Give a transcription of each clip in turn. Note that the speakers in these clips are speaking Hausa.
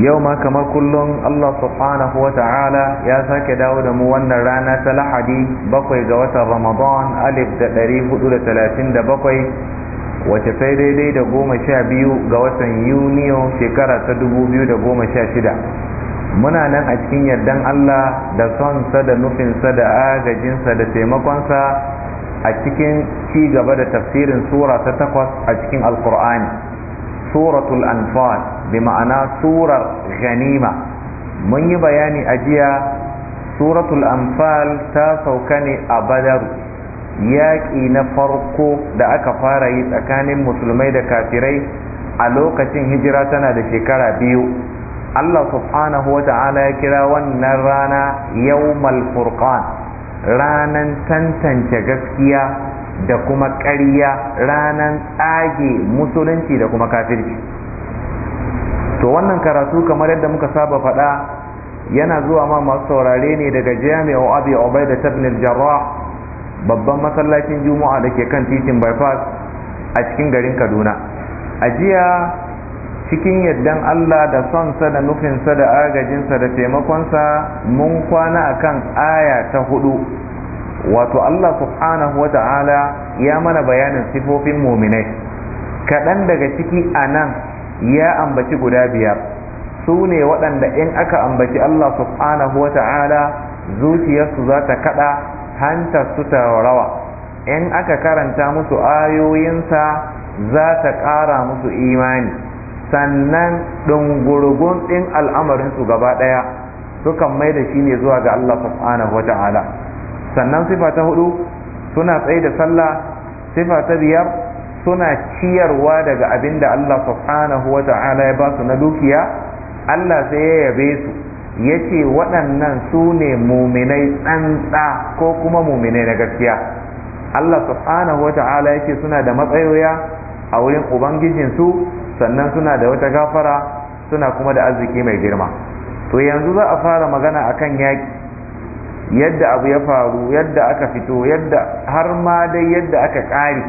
yau ma kamar kullum Allah subhanahu wa ta'ala ya sake dawo da mu wannan rana ta lahadi bakwai ga watan ramadan alif da ɗari hudu da talatin da bakwai wace sai daidai da goma sha biyu ga watan yuniyo shekara ta dubu biyu da goma sha shida muna nan a cikin yardan Allah da sonsa da nufinsa da agajinsa da taimakonsa a cikin ci gaba da tafsirin sura ta takwas a cikin alkur'ani suratul anfal bi ma'ana surar ganima mun yi bayani a jiya suratul amfal ta sauka ne a badaru yaƙi na farko da aka fara yi tsakanin musulmai da kafirai a lokacin hijira tana da shekara biyu Allah subhanahu wa ta'ala ya kira wannan rana yawmal furqan ranan tantance gaskiya da kuma ƙarya ranan tsage musulunci da kuma kafirci to wannan karatu kamar yadda muka saba faɗa yana zuwa ma masu saurare ne daga jami'a abi ubaida da al-jarrah babban masallacin juma'a da ke kan titin bypass a cikin garin kaduna a jiya cikin yaddan allah da sonsa da nufinsa da agajinsa da taimakonsa mun kwana akan aya ta hudu wato allah subhanahu wa ya mana bayanin sifofin muminai kaɗan daga ciki a nan ya ambaci guda biyar su ne waɗanda in aka ambaci Allah subhanahu wa ta'ala zuciyarsu za ta kaɗa hantar su ta rawa in aka karanta musu ayoyinsa za ta ƙara musu imani sannan ɗin ɗungurgun ɗin al'amarinsu gaba ɗaya sukan mai da shi ne zuwa ga Allah subhanahu wa ta'ala sannan sifa ta hudu suna tsaye da sallah sifa ta biyar suna ciyarwa daga abin da Allah subhanahu wa ta'ala ya basu na dukiya Allah sai ya yabe su yace waɗannan su ne muminai tsantsa ko kuma muminai na gaskiya Allah subhanahu wa ta'ala ya suna da matsayoya a wurin ubangijinsu sannan suna da wata gafara suna kuma da arziki mai girma to yanzu za a fara magana akan yaƙi yadda abu ya faru yadda aka fito yadda har ma dai yadda aka ƙare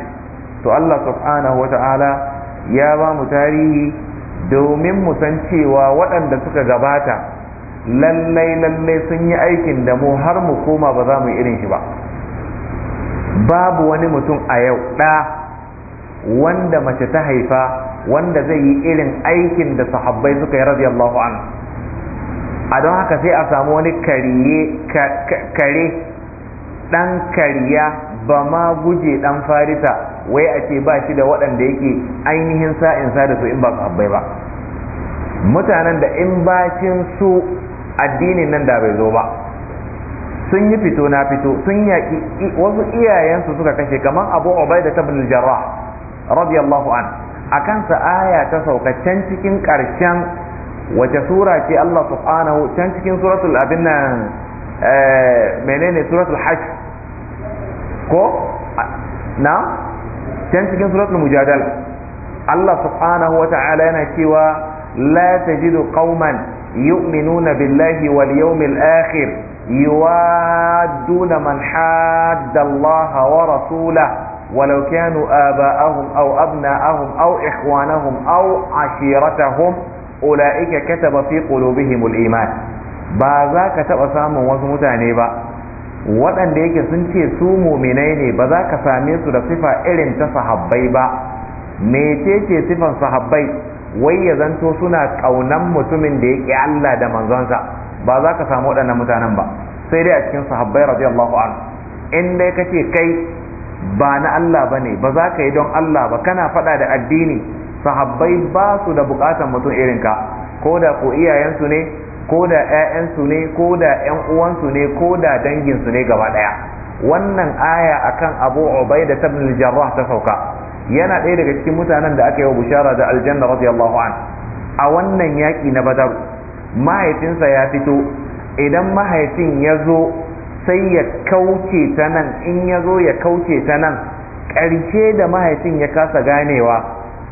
to Allah subhanahu wa ta'ala ya ba mu tarihi domin mu san cewa waɗanda suka gabata lallai lallai sun yi aikin da mu har mu koma ba za mu yi irin shi ba babu wani mutum a yau ɗa wanda mace ta haifa wanda zai yi irin aikin da sahabbai suka yi radiyallahu an a don haka sai a samu wani kare ɗan kariya ba ma guje ɗan farisa wai a ce ba shi da waɗanda yake ainihin sa'in sa da su in ba sahabbai ba mutanen da in bacin su addinin nan da bai zo ba sun yi fito na fito sun yaƙi wasu iyayensu suka kashe kamar abu obai da tabin jarra. radiyallahu an akan sa aya ta sauka can cikin ƙarshen wace sura ce Allah subhanahu can cikin suratul abin nan eh, menene suratul hajj ko na can cikin suratul mujadala Allah subhanahu wa ta'ala yana cewa la tajidu qauman yu'minuna billahi wal yawmil akhir yuwadduna man hadda Allah wa rasulahu ولو كانوا آباءهم أو أبناءهم أو إخوانهم أو عشيرتهم أولئك كتب في قلوبهم الإيمان ba za ka taɓa samun wasu mutane ba waɗanda yake sun ce su muminai ne ba za ka same su da sifa irin ta sahabbai ba ce sifan sahabbai wai ya zanto suna ƙaunan mutumin da yake Allah da manzonsa ba za ka samu waɗannan mutanen ba sai dai a cikin sahabbai radiyallahu anhu in dai kace kai ba na Allah ba ne. ba za ka yi don Allah ba kana faɗa da addini sahabbai ba su da buƙatar mutum irin ka ko da ko iyayensu ne ko da 'ya'yansu ne ko da 'yan uwansu ne ko da danginsu ne gaba ɗaya wannan aya akan abu ubaida da ibn jarrah ta sauka yana ɗaya daga cikin mutanen da aka yi wa bushara da aljanna radiyallahu an a wannan yaƙi na badar mahaifinsa ya fito idan mahaifin ya zo sai ya kauce ta nan in ya zo ya kauce ta nan ƙarshe da mahaifin ya kasa ganewa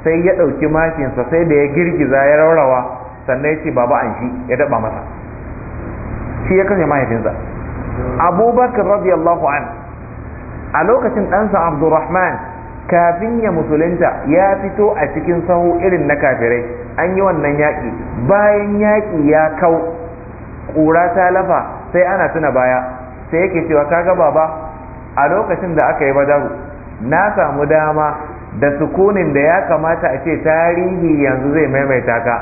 sai ya ɗauki mashinsa sai da ya girgiza ya raurawa sannan ya ce baba an shi ya daba masa shi ya kashe mahaifinsa abubakar radiyallahu an a lokacin ɗansa abdurrahman kafin ya musulunta ya fito a cikin sahu irin na kafirai an yi wannan yaƙi bayan yaƙi ya kau ƙura ta lafa sai ana tuna baya sai yake cewa kaga baba a lokacin da aka yi badaru na samu dama da sukunin da ya kamata a ce tarihi yanzu zai maimaita ka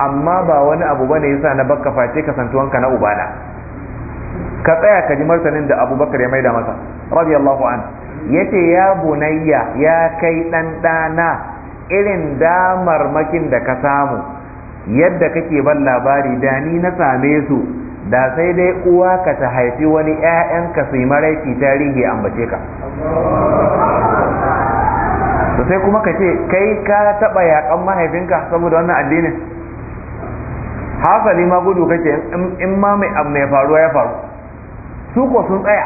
amma ba wani abu bane yasa na bakka face kasantuwanka na ubana ka tsaya ka ji martanin da abubakar ya maida masa radiyallahu an yace ya bunayya ya kai dan dana irin damarmakin da ka samu yadda kake ban labari da ni na same su da sai dai uwa ka ta haifi wani 'ya'yanka su yi maraiki tarihi ambace ka sai kuma ka ce kai ka taɓa yaƙan mahaifinka saboda wannan addinin hasali ma gudu kake in ma mai abu mai faruwa ya faru su ko sun tsaya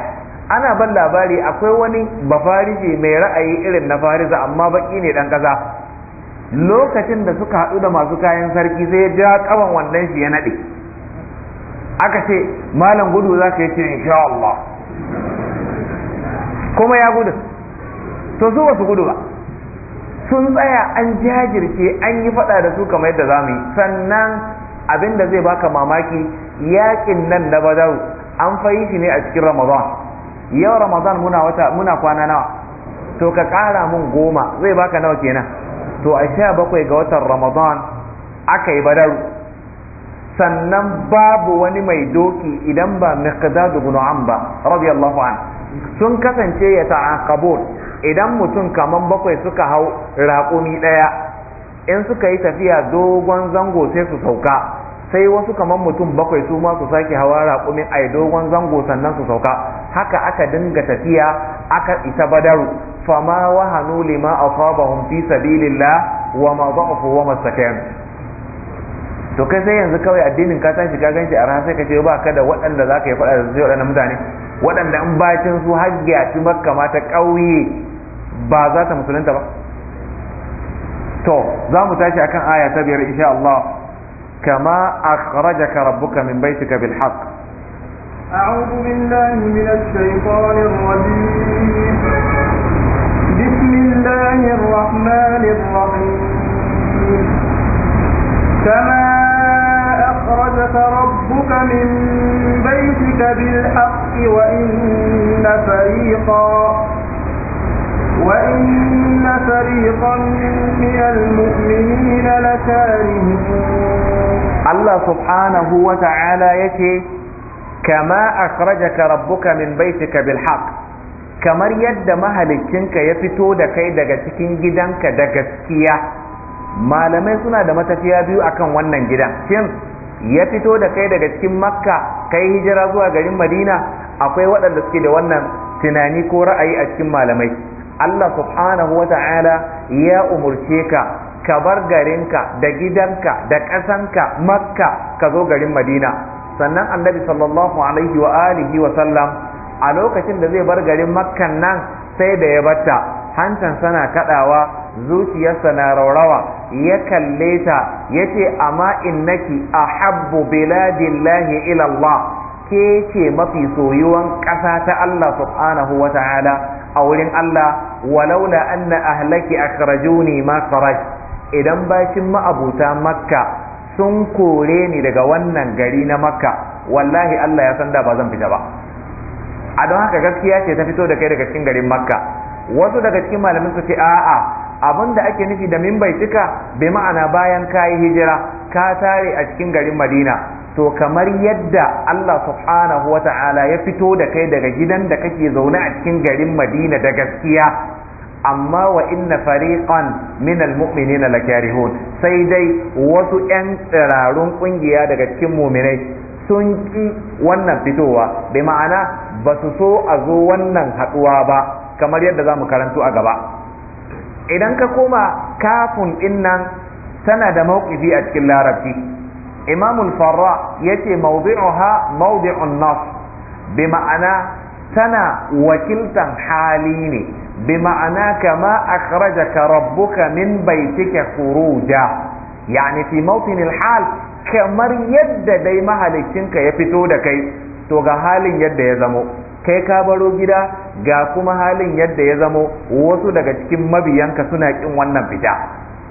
ana ban labari akwai wani bafarije mai ra'ayi irin na farisa amma baki ne dan kaza lokacin da suka haɗu da masu kayan sarki sai ya ja kaban wannan shi ya naɗe aka ce malam gudu za ka yi ce insha Allah kuma ya gudu to su su gudu ba sun tsaya an jajirce an yi faɗa da su kamar yadda za mu yi sannan abin da zai baka mamaki yakin nan na badaru an fayi shi ne a cikin ramadan yau ramadan muna wata muna kwana nawa to ka kara mun goma zai baka nawa kenan to a sha bakwai ga watan ramadan aka yi badaru sannan babu wani mai doki idan ba miqdad ibn am ba radiyallahu an sun kasance ya ta'aqabun idan mutum kaman bakwai suka hau raƙumi ɗaya in suka yi tafiya dogon zango sai su sauka sai wasu kamar mutum bakwai su ma su sake hawa raƙumin a dogon zango sannan su sauka haka aka dinga tafiya aka isa badaru fama wahanu lima faba fi sabilillah wa ma da'afu wa mastakayam to kai sai yanzu kawai addinin ka tashi ka ganshi a ran sai ka ce ba ka da waɗanda za ka yi faɗa da zai waɗanda mutane waɗanda in bacin su hajjiya ci makka ƙauye ba za ta musulunta ba to za mu tashi akan aya ta biyar insha Allah kama akhrajaka rabbuka min baitika bil haqq أعوذ بالله من الشيطان الرجيم بسم الله الرحمن الرحيم كما أخرجك ربك من بيتك بالحق وإن فريقا وإن فريقا من المؤمنين لكارهون الله سبحانه وتعالى ka كما أخرجك ربك من بيتك بالحق kamar yadda mahalicinka ya fito da kai daga cikin gidanka da gaskiya malamai suna da matafiya biyu akan wannan gidan shin ya fito da kai daga cikin makka kai hijira zuwa garin madina akwai waɗanda suke da wannan tunani ko ra'ayi a cikin malamai Allah subhanahu wa ta'ala ya umurce ka ka bar garinka da gidanka da ƙasanka makka ka zo garin madina sannan annabi sallallahu alaihi wa alihi wa sallam a lokacin da zai bar garin makkan nan sai da ya batta hantan sana kadawa zuciyarsa na raurawa ya kalle ta ya ce amma innaki a habbu biladillahi ilallah ke ce mafi soyuwan ƙasa ta Allah subhanahu wa ta'ala a wurin Allah walaula anna ahlaki akhrajuni ma kharaj idan bakin ma'abuta makka sun kore ni daga wannan gari na makka wallahi Allah ya san da ba zan fita ba a don haka gaskiya ce ta fito da kai daga cikin garin makka wasu daga cikin malamin su ce a'a abin da ake nufi da min bai cika bai ma'ana bayan kayi hijira ka tare a cikin garin madina to kamar yadda Allah subhanahu wa ta'ala ya fito da kai daga gidan da kake zaune a cikin garin Madina da gaskiya amma wa inna fariqan min almu'minina lakarihun sai dai wasu 'yan tsirarun kungiya daga cikin muminai sun ki wannan fitowa bai ma'ana ba su so a zo wannan haɗuwa ba kamar yadda za mu karanto a gaba idan ka koma kafin ɗinnan tana da mawkifi a cikin larabci imamul farra yace mawdi'uha mawdi'un nas bi ma'ana tana wakiltan hali ne bi ma'ana kama akhrajaka rabbuka min baitika khuruja yani fi mawtin hal kamar yadda dai ka ya fito da kai to ga halin yadda ya zamo kai ka baro gida ga kuma halin yadda ya zamo wasu daga cikin mabiyanka suna kin wannan fita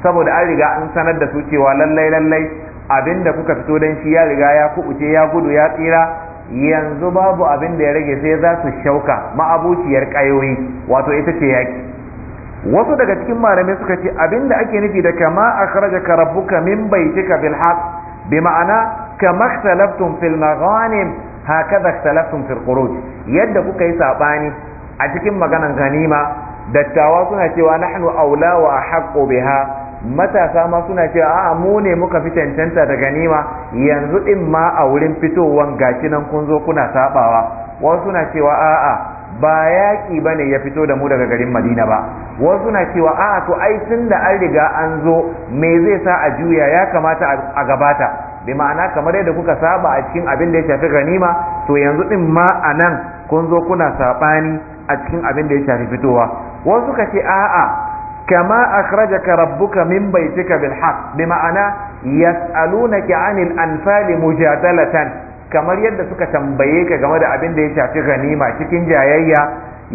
saboda an riga an sanar da su cewa lallai lallai abin da kuka fito don shi ya riga ya kuɓuce ya gudu ya tsira yanzu babu abin da ya rage sai za su shauka ma'abuciyar ƙayoyi wato ita ce yaƙi wasu daga cikin malamai suka ce abin da ake nufi da kama a kharaja ka rabbuka min baitika bil haq bi ma'ana kama salaftun fil maghanim da salaftun fil khuruj yadda kuka yi saɓani a cikin maganan ganima dattawa suna cewa nahnu aula wa haqqu biha matasa ma suna cewa a'a mu ne muka fi cancanta da ganima yanzu din ma a wurin fitowan gashi nan kun zo kuna sabawa wasu suna cewa a'a ba yaƙi ba ne ya fito da mu daga garin madina ba wasu na cewa a'a to ai tun da an riga an zo me zai sa a juya ya kamata a gabata bi ma'ana kamar yadda kuka saba a cikin abin da ya shafi ganima to yanzu din ma a nan kun zo kuna sabani a cikin abin da ya shafi fitowa wasu ka ce a'a kama akhrajaka ka min baitika bil haqq bi ma'ana yas'alunaka 'anil anfali mujadalatan kamar yadda suka tambaye ka game da abin da ya shafi ganima cikin jayayya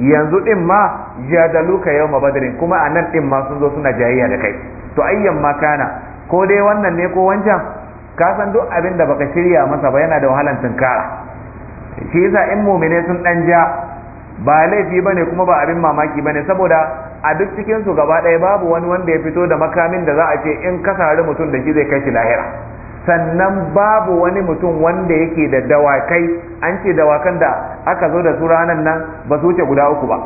yanzu din ma jadaluka yawma badrin kuma anan din ma sun zo suna jayayya da kai to ayyan ma kana ko dai wannan ne ko wancan ka san duk abin da baka shirya masa ba yana da wahalan tunkara shi yasa in muminai sun dan ja ba laifi bane kuma ba abin mamaki ba ne saboda a duk cikin su gaba ɗaya babu wani wanda ya fito da makamin da za a ce in ka sari mutum da shi zai kai shi lahira sannan babu wani mutum wanda yake da dawakai an ce dawakan da aka zo da su ranar nan ba su wuce guda uku ba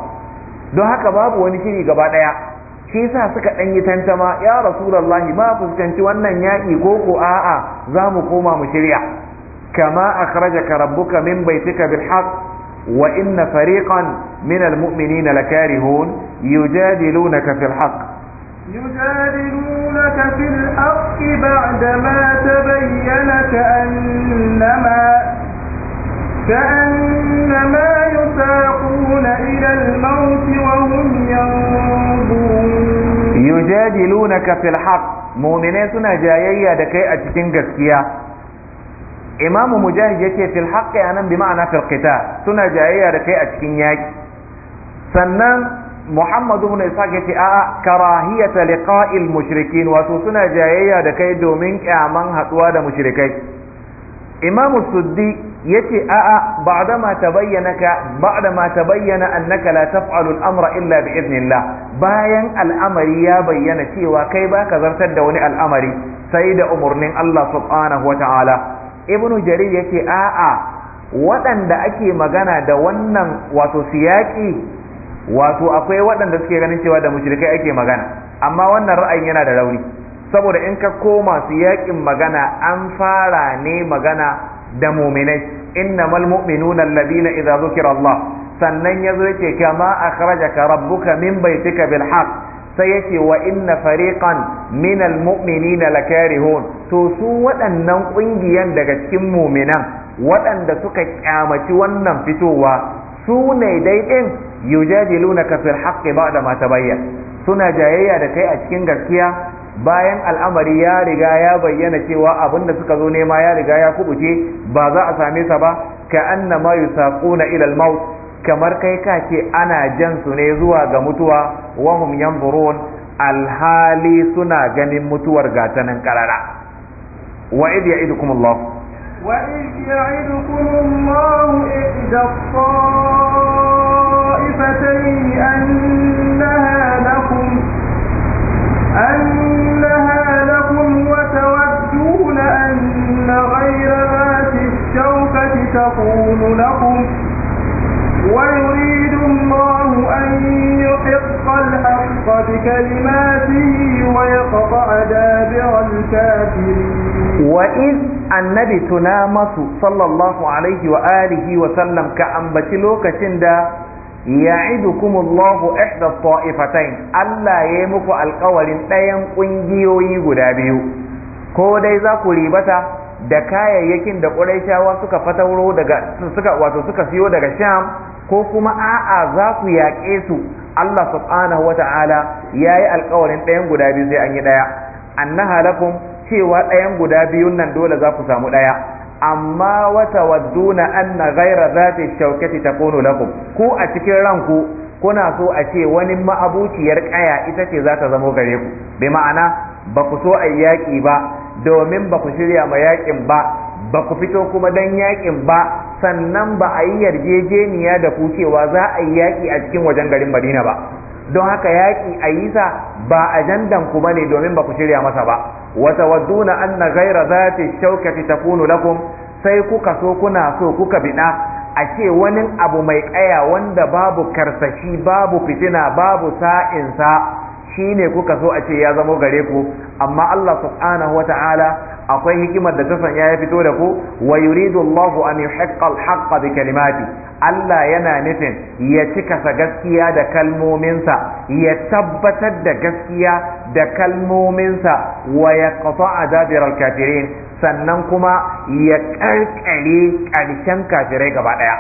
don haka babu wani shiri gaba ɗaya shi sa suka ɗan yi tantama ya rasulallah ma fuskanci wannan yaƙi ko ko a'a za mu koma mu shirya kama akhrajaka rabbuka min baitika bil haqq wa inna fariqan min al mu'minina lakarihun يجادلونك في الحق يجادلونك في الحق بعدما تبين كأنما كأنما يساقون إلى الموت وهم ينظرون يجادلونك في الحق مؤمنين سنة جايية دكي أتكين جسكية إمام مجاهد يكي في الحق أنا بمعنى في القتال سنة جايية دكي أتكين ياك Muhammad ibn Ishaq yace a karahiyata liqa'il mushrikin wato suna jayayya da kai domin kyaman haduwa da mushrikai Imam Suddi yace a a ba'dama tabayyanaka ba'dama tabayyana annaka la taf'alu al-amra illa bi idnillah bayan al'amari ya bayyana cewa kai baka zartar da wani al'amari sai da umurnin Allah subhanahu wata'ala Ibn Jarir yace a a waɗanda ake magana da wannan wato siyaki wato akwai waɗanda suke ganin cewa da mushrikai ake magana amma wannan ra'ayin yana da rauni saboda in ka koma su yaƙin magana an fara ne magana da muminai innamal mu'minuna alladhina idza zukira Allah sannan yazo yace kama akhrajaka rabbuka min baitika bil haqq sai yake wa inna fariqan min muminina lakarihun to su waɗannan ƙungiyan daga cikin muminan waɗanda suka kyamaci wannan fitowa su ne dai din ka fil haqqi ba'da ma tabayyan suna jayayya da kai a cikin gaskiya bayan al'amari ya riga ya bayyana cewa abin da suka zo nema ya riga ya kubuce ba za a same sa ba ka anna ma yusaquna ila al-maut kamar kai ka ce ana jan su ne zuwa ga mutuwa wa hum yanzurun alhali suna ganin mutuwar gatanan karara wa idh ya'idukum Allah وإذ يعدكم الله إحدى الطائفتين أنها لكم أنها لكم وتودون أن غير ذات الشوكة تكون لكم ويريد الله أن يحق الحق بكلماته ويقطع دابر الكافرين وإذ annabi tuna masu sallallahu alaihi wa alihi wa sallam ka ambaci lokacin da kuma Allahu ihda ta'ifatain Allah ya yi muku alkawarin ɗayan ƙungiyoyi guda biyu ko dai za ku ribata da kayayyakin da ƙuraishawa suka fatauro daga suka wato suka siyo daga sham ko kuma a'a za ku yaƙe su Allah subhanahu ta'ala ya yi alkawarin ɗayan guda biyu sai an yi ɗaya annaha lakum cewa ɗayan guda biyun nan dole za ku samu ɗaya amma wata wadduna anna ghaira zati ta takunu lakum ku a cikin ranku kuna so a ce wani ma'abuciyar ƙaya ita ce za ta zamo gare ku bi ma'ana ba ku so a yaƙi ba domin ba ku shirya ma yaƙin ba ba ku fito kuma dan yaƙin ba sannan ba a yi yarjejeniya da ku cewa za a yi yaƙi a cikin wajen garin madina ba don haka yaƙi a yi sa ba ajandan ku bane domin ba ku shirya masa ba wa tawadduna anna ghayra zati shawkati takunu lakum sai kuka so kuna so kuka biɗa, a ce wani abu mai ƙaya wanda babu karsashi babu fitina babu sa'insa ne kuka so a ce ya zamo gare ku amma Allah subhanahu wata'ala akwai hikimar da ta sanya ya fito da ku wa yuridu Allahu an yuhiqqa al-haqqa bi kalimati Allah yana nufin ya cika sa gaskiya da kalmominsa ya tabbatar da gaskiya da kalmominsa wa yaqta'a dabir al-kafirin sannan kuma ya karkare karshen kafirai gaba daya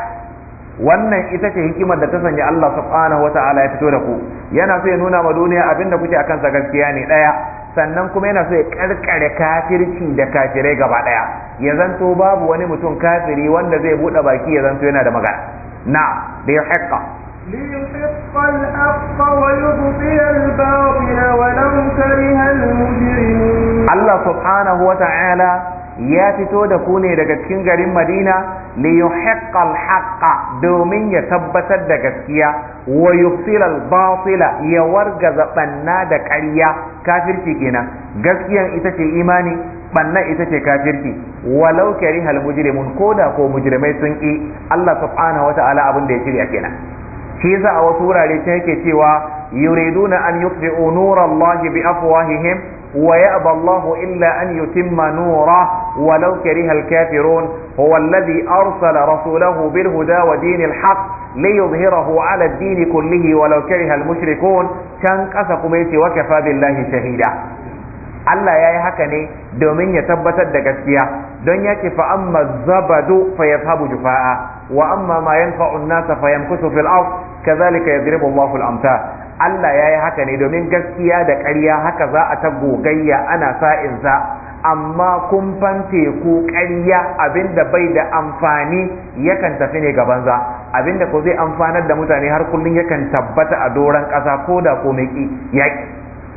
wannan ita ce hikimar da ta sanya Allah subhanahu wa ta'ala ya fito da ku yana so ya nuna ma duniya abinda kuke akan sa gaskiya ne daya sannan kuma yana so ya karkare kafirci da kafirai gaba daya ya zanto babu wani mutum kafiri wanda zai bude baki ya zanto yana da magana na da ya haƙƙa Allah subhanahu wa ta'ala ya fito da ku ne daga cikin garin madina li yuhiqqal haqqa domin ya tabbatar da gaskiya wa yufsilal batila ya wargaza banna da ƙarya kafirci kenan gaskiyan ita ce imani banna ita ce kafirci walau karihal mujrimun da ko mujrimai sun ki Allah subhanahu wataala abin da ya shirya kenan shi yasa a wasu wurare ta yake cewa yuriduna an yutfi'u nurallahi bi afwahihim ويأبى الله إلا أن يتم نوره ولو كره الكافرون هو الذي أرسل رسوله بالهدى ودين الحق ليظهره على الدين كله ولو كره المشركون كان قسق ميت وكفى بالله شهيدا الله يا يهكني دومين يتبت الدقسية دنيا كفى الزبد فيذهب جفاء وأما ما ينفع الناس فيمكث في الأرض كذلك يضرب الله الأمثال Allah ya yi haka ne domin gaskiya da ƙarya haka za a ta gogayya ana sa'in sa amma kumfan teku ƙarya abinda bai da amfani yakan tafi ne gaban za abinda ko zai amfanar da mutane har kullum yakan tabbata a doron ƙasa ko da ko mai yaƙi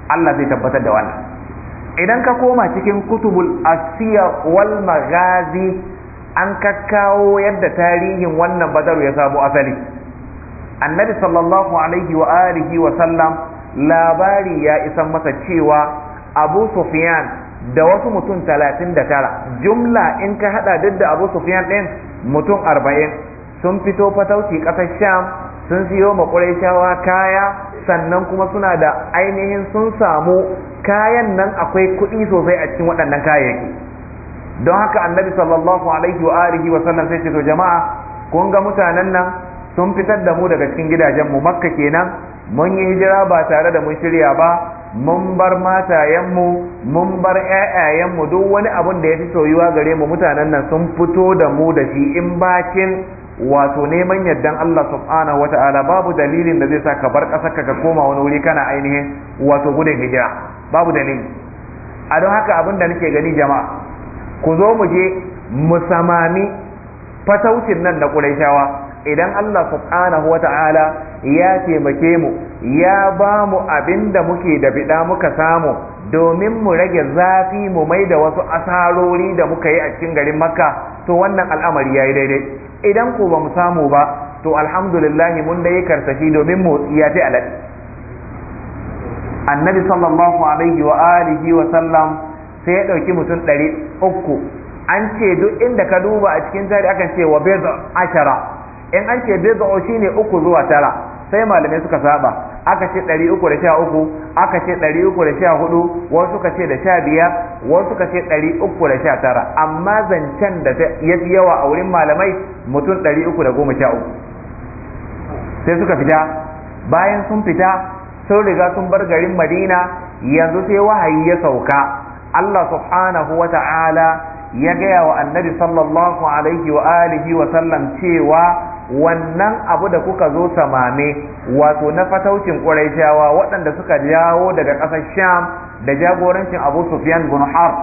Allah zai tabbatar da wannan idan ka koma cikin kutubul asiya wal magazi an kakkawo yadda tarihin wannan badaru ya samu asali annabi sallallahu alaihi wa alihi wa sallam labari ya isan masa cewa abu sufyan da wasu mutum talatin da tara jumla in ka hada duk da abu sufyan ɗin mutum arba'in sun fito fatauci ƙasar sham sun siyo ma maƙuraishawa kaya sannan kuma suna da ainihin sun samu kayan nan akwai kuɗi sosai a cikin waɗannan kayayyaki don haka annabi sallallahu alaihi wa alihi wa sallam sai ce to jama'a kun ga mutanen nan sun fitar da mu daga cikin gidajenmu makka kenan mun yi hijira ba tare da mun shirya ba mun bar matayenmu mun bar ƴaƴayenmu duk wani abun da ya fi soyuwa gare mu mutanen nan sun fito da mu da shi in bakin wato neman yardan Allah subhanahu wata'ala babu dalilin da zai sa ka bar ƙasar ka koma wani wuri kana ainihin wato gudun hijira babu dalili a don haka abin da nake gani jama'a ku zo mu je mu samami fataucin nan na ƙurayshawa idan Allah subhanahu wata'ala ya taimake mu ya ba mu abin da muke da bida muka samu domin mu rage zafi mu mai da wasu asarori da muka yi a cikin garin makka to wannan al'amari ya yi daidai idan ko ba mu samu ba to alhamdulillah mun da yi karsashi domin mu ya fi alaɗi annabi sallallahu alaihi wa alihi wa sallam sai ya ɗauki mutum ɗari uku an ce duk inda ka duba a cikin tari akan ce wa bezar ashara in an ce shi ne uku zuwa tara sai malamai suka saba aka ce ɗari uku da sha uku aka ce ɗari uku da sha hudu wasu suka ce da sha biyar wasu suka ce ɗari uku da sha tara amma zancen da ya fi yawa a wurin malamai mutum ɗari uku da goma sha uku sai suka fita bayan sun fita sun riga sun bar garin madina yanzu sai wahayi ya sauka allah subhanahu wa ta'ala ya gaya wa annabi sallallahu alaihi wa alihi wa sallam cewa wannan abu da kuka zo samame wato na fataucin ƙuraishawa waɗanda suka jawo daga ƙasar sham da jagorancin abu sufyan bin har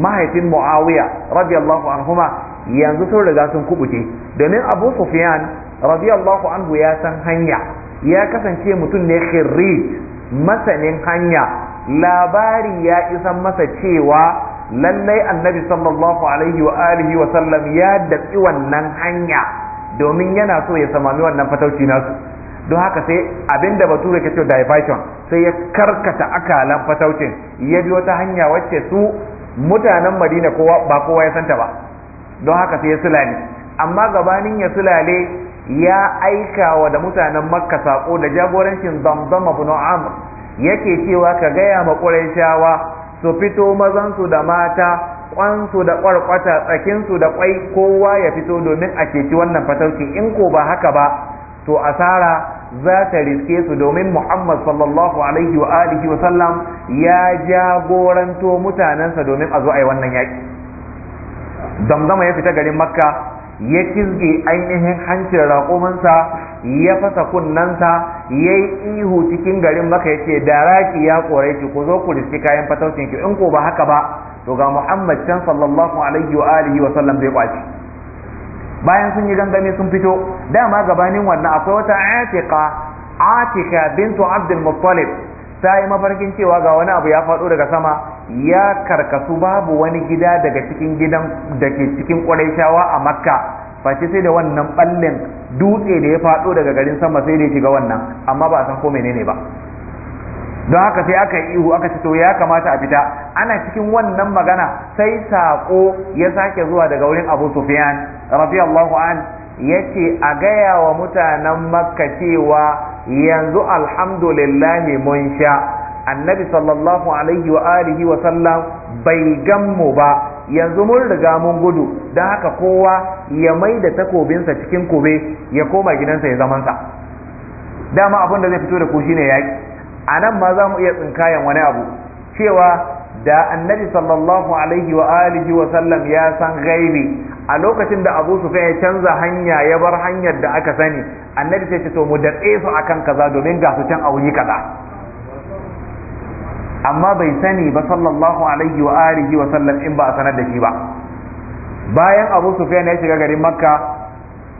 mahaifin muawiya radiyallahu anhuma yanzu sun riga sun kubuce domin abu sufyan radiyallahu anhu ya san hanya ya kasance mutum ne khirrij masanin hanya labari ya isan masa cewa lallai annabi sallallahu alaihi wa alihi wa sallam ya datsi wannan hanya domin yana so ya samami wannan fatauci nasu don haka sai abinda bature ke cewa diversion sai ya karkata akalan fataucin ya bi wata hanya wacce su mutanen madina kowa ba kowa ya santa ba don haka sai ya sulale amma gabanin ya sulale ya aika wa da mutanen makka sako da jagorancin zamzam ibn amr yake cewa ka gaya ma qurayshawa su fito mazansu da mata kwansu da kwarkwata tsakinsu da kwai kowa ya fito domin a ceci wannan fatauci in ko ba haka ba to asara za ta riske su domin Muhammad sallallahu alaihi wa alihi wa sallam ya jagoranto mutanensa domin a zo a yi wannan yaƙi zamzama ya fita garin makka ya kizge ainihin hancin raƙuminsa ya fasa kunnensa ya yi ihu cikin garin makka ya ce da raki ya kore ku zo ku riske kayan fataucin ki in ko ba haka ba to ga Muhammad can sallallahu alaihi wa alihi wa sallam zai kwaci bayan sun yi gangami sun fito dama gabanin wannan akwai wata atiqa atika bintu abdul muttalib ta yi mafarkin cewa ga wani abu ya faɗo daga sama ya karkasu babu wani gida daga cikin gidan da ke cikin ƙwarai a makka face sai da wannan ɓallin dutse da ya faɗo daga garin sama sai da ya shiga wannan amma ba a san ko menene ba don haka sai aka yi ihu aka ce to ya kamata a fita ana cikin wannan magana sai sako ya sake zuwa daga wurin abu sufyan radiyallahu an yace a gaya wa mutanen makka cewa yanzu alhamdulillah mun sha annabi sallallahu alaihi wa alihi wa sallam bai ganmu ba yanzu mun riga mun gudu don haka kowa ya mai da takobinsa cikin kube ya koma gidansa ya zamansa dama abin da zai fito da ku shine yaki a nan ma za mu iya tsinkayan wani abu cewa da annabi sallallahu alaihi wa alihi wa sallam ya san gaibi a lokacin da abu su ya canza hanya ya bar hanyar da aka sani annabi sai ce to mu datse su akan kaza domin ga su can a kaza amma bai sani ba sallallahu alaihi wa alihi wa sallam in ba a sanar da shi ba bayan abu sufyan ya shiga garin makka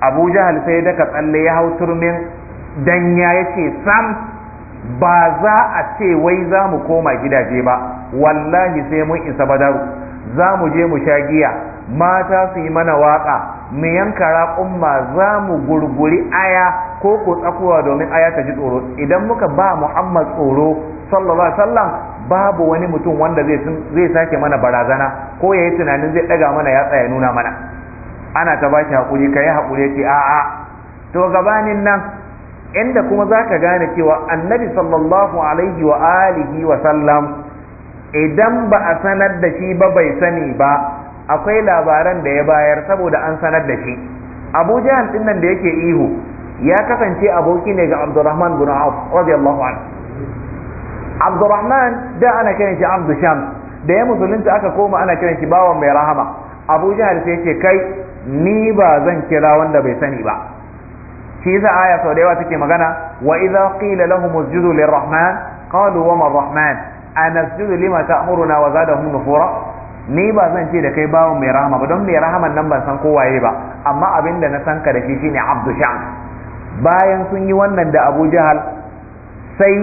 abu jahal sai daka tsalle ya hau turmin danya ya ce sam ba za a ce wai za mu koma gidaje ba wallahi sai mun isa badaru za mu je mu sha giya mata su yi mana waka mu yanka raƙumma za mu gurguri aya ko ku tsakuwa domin aya ta ji tsoro idan muka ba muhammad tsoro sallallahu alaihi wasallam babu wani mutum wanda zai sake mana barazana ko ya yi tunanin zai ɗaga mana ya tsaya nuna mana ana ta ba shi haƙuri ka yi haƙuri ce a'a to gabanin nan inda kuma za ka gane cewa annabi sallallahu alaihi wa alihi wa sallam idan ba a sanar da shi ba bai sani ba akwai labaran da ya bayar saboda an sanar da shi abu jahal din nan da yake ihu ya kasance aboki ne ga abdurrahman bin auf radiyallahu anhu abdurrahman da ana kiran shi abdu shams da ya musulunta aka koma ana kiran shi bawan mai rahama abu sai ce kai ni ba zan kira wanda bai sani ba shi yasa aya sau da yawa take magana wa idza qila lahum usjudu lirrahman qalu wa ma rahman anasjudu lima ta'muruna wa zadahum nufura ni ba zan ce da kai bawon mai rahama ba don mai rahaman nan ban san kowaye ba amma abin da na san ka da shi shine abdu sham bayan sun yi wannan da abu jahal sai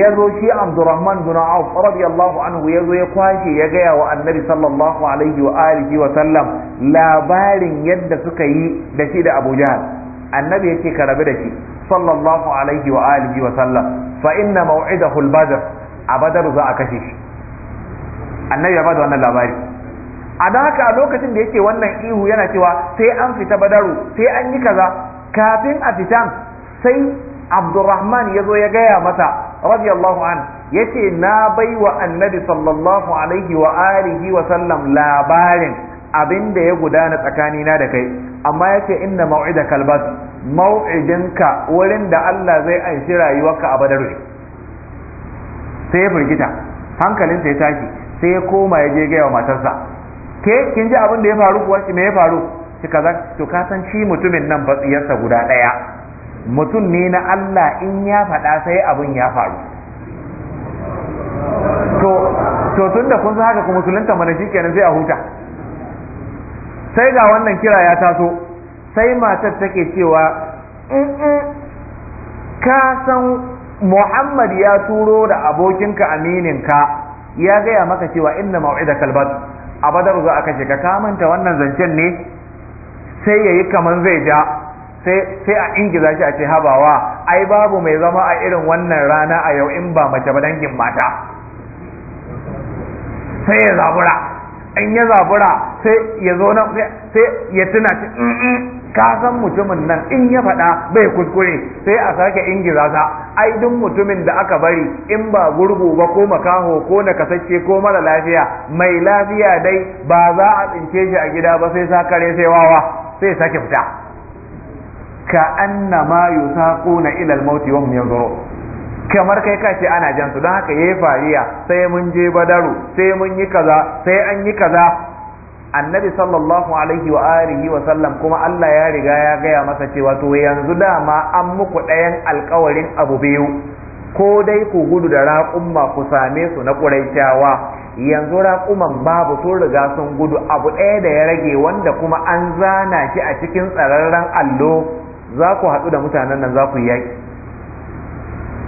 ya zo shi abdurrahman bin auf radiyallahu anhu ya zo ya kwashe ya gaya wa annabi sallallahu alaihi wa alihi wa sallam labarin yadda suka yi da shi da abu jahal annabi ya ka rabu da shi sallallahu alaihi wa alihi wa sallam fa inna maw'idahu al-badr a badar za a kashe shi annabi ya bada wannan labari a don haka a lokacin da yake wannan ihu yana cewa sai an fita badaru sai an yi kaza kafin a fitan sai abdurrahman ya zo ya gaya masa radiyallahu an ya ce na bai wa annabi sallallahu alaihi wa alihi wa sallam labarin abin da ya gudana tsakanina da kai amma ya ce inna mau'ida kalbas mau'idinka wurin da Allah zai anshi rayuwarka a badar sai ya firgita hankalin ya tashi sai ya koma ya je gaya wa matarsa ke kin ji abin da ya faru kuwa me ya faru shi kaza to ka san shi mutumin nan batsiyarsa guda daya mutum ne na Allah in ya faɗa sai abin ya faru to to tunda kun san haka ku musulunta mana shikenan sai a huta sai ga wannan kira ya taso sai matar take cewa ka san muhammad ya turo da abokinka amininka ya gaya maka cewa inna mau'ida kalbat a badar za aka kashe ka manta wannan zancen ne sai ya yi kaman zai ja sai a ingiza shi a ce habawa ai babu mai zama a irin wannan rana a yau in ba mace ba dangin mata sai ya zabura in ya zabura sai ya zo na sai ya tuna ci mm, mm, ka san mutumin nan in ya faɗa bai kuskure sai a sake ingiza ai duk mutumin da aka bari in ba gurgu ba ko makaho ko nakasacce ko mara lafiya mai lafiya dai ba za a tsince shi a gida ba sai sa kare sai wawa sai sake fita ka annama yusaquna ila al-maut wa hum kamar kai kace ana jansu su don haka yayi fariya sai mun je badaru sai mun yi kaza sai an yi kaza annabi sallallahu alaihi wa alihi wa sallam kuma Allah ya riga ya gaya masa cewa to yanzu dama an muku ɗayan alkawarin abu biyu ko dai ku gudu da raƙumma ku same su na ƙuraitawa yanzu raƙuman babu sun riga sun gudu abu ɗaya da ya rage wanda kuma an zana shi a cikin tsararren allo za ku haɗu da mutanen nan za ku yi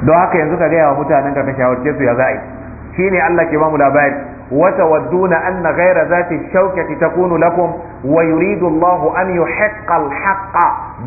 don haka yanzu ka gaya wa mutanen ka ka shawarce su ya za'a shi shine Allah ke ba mu labari وتودون أن غير ذات الشوكة تكون لكم ويريد الله أن يحق الحق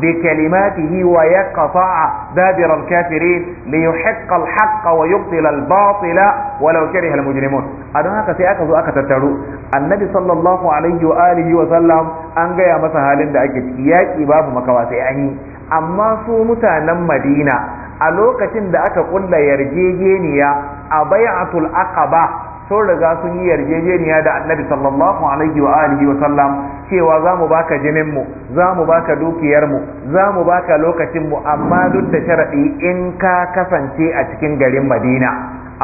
بكلماته ويقطع دابر الكافرين ليحق الحق ويبطل الباطل ولو كره المجرمون أدون هكا سيأكا زو أكا تترو النبي صلى الله عليه وآله وسلم أنجا يا مسهالين دا أكت ياكي باب مكواسي أني أما سو متانا مدينة a lokacin da aka kulla yarjejeniya a bai'atul aqaba sun riga sun yi yarjejeniya da annabi sallallahu alaihi wa alihi wa sallam cewa za mu baka jinin mu za mu baka dukiyar mu za mu baka lokacin mu amma duk da sharadi in ka kasance a cikin garin Madina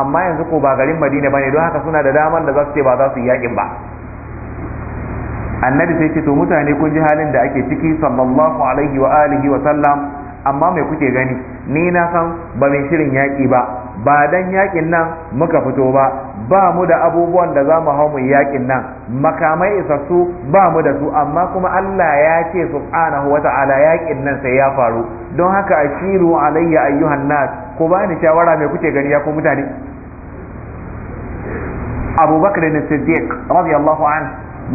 amma yanzu ko ba garin Madina bane don haka suna da damar da za su ce ba za su yi yakin ba annabi sai ce to mutane kun ji halin da ake ciki sallallahu alaihi wa alihi wa sallam amma mai kuke gani ni na san ba mai shirin yaƙi ba ba dan yaƙin nan muka fito ba ba mu da abubuwan da za mu hau mun yakin nan makamai isassu ba mu da su amma kuma Allah ya ce subhanahu wata'ala yakin nan sai ya faru don haka ashiru alayya ayyuhan nas ko ba ni shawara me kuke gani ya ku mutane Abu Bakr ibn Siddiq radiyallahu an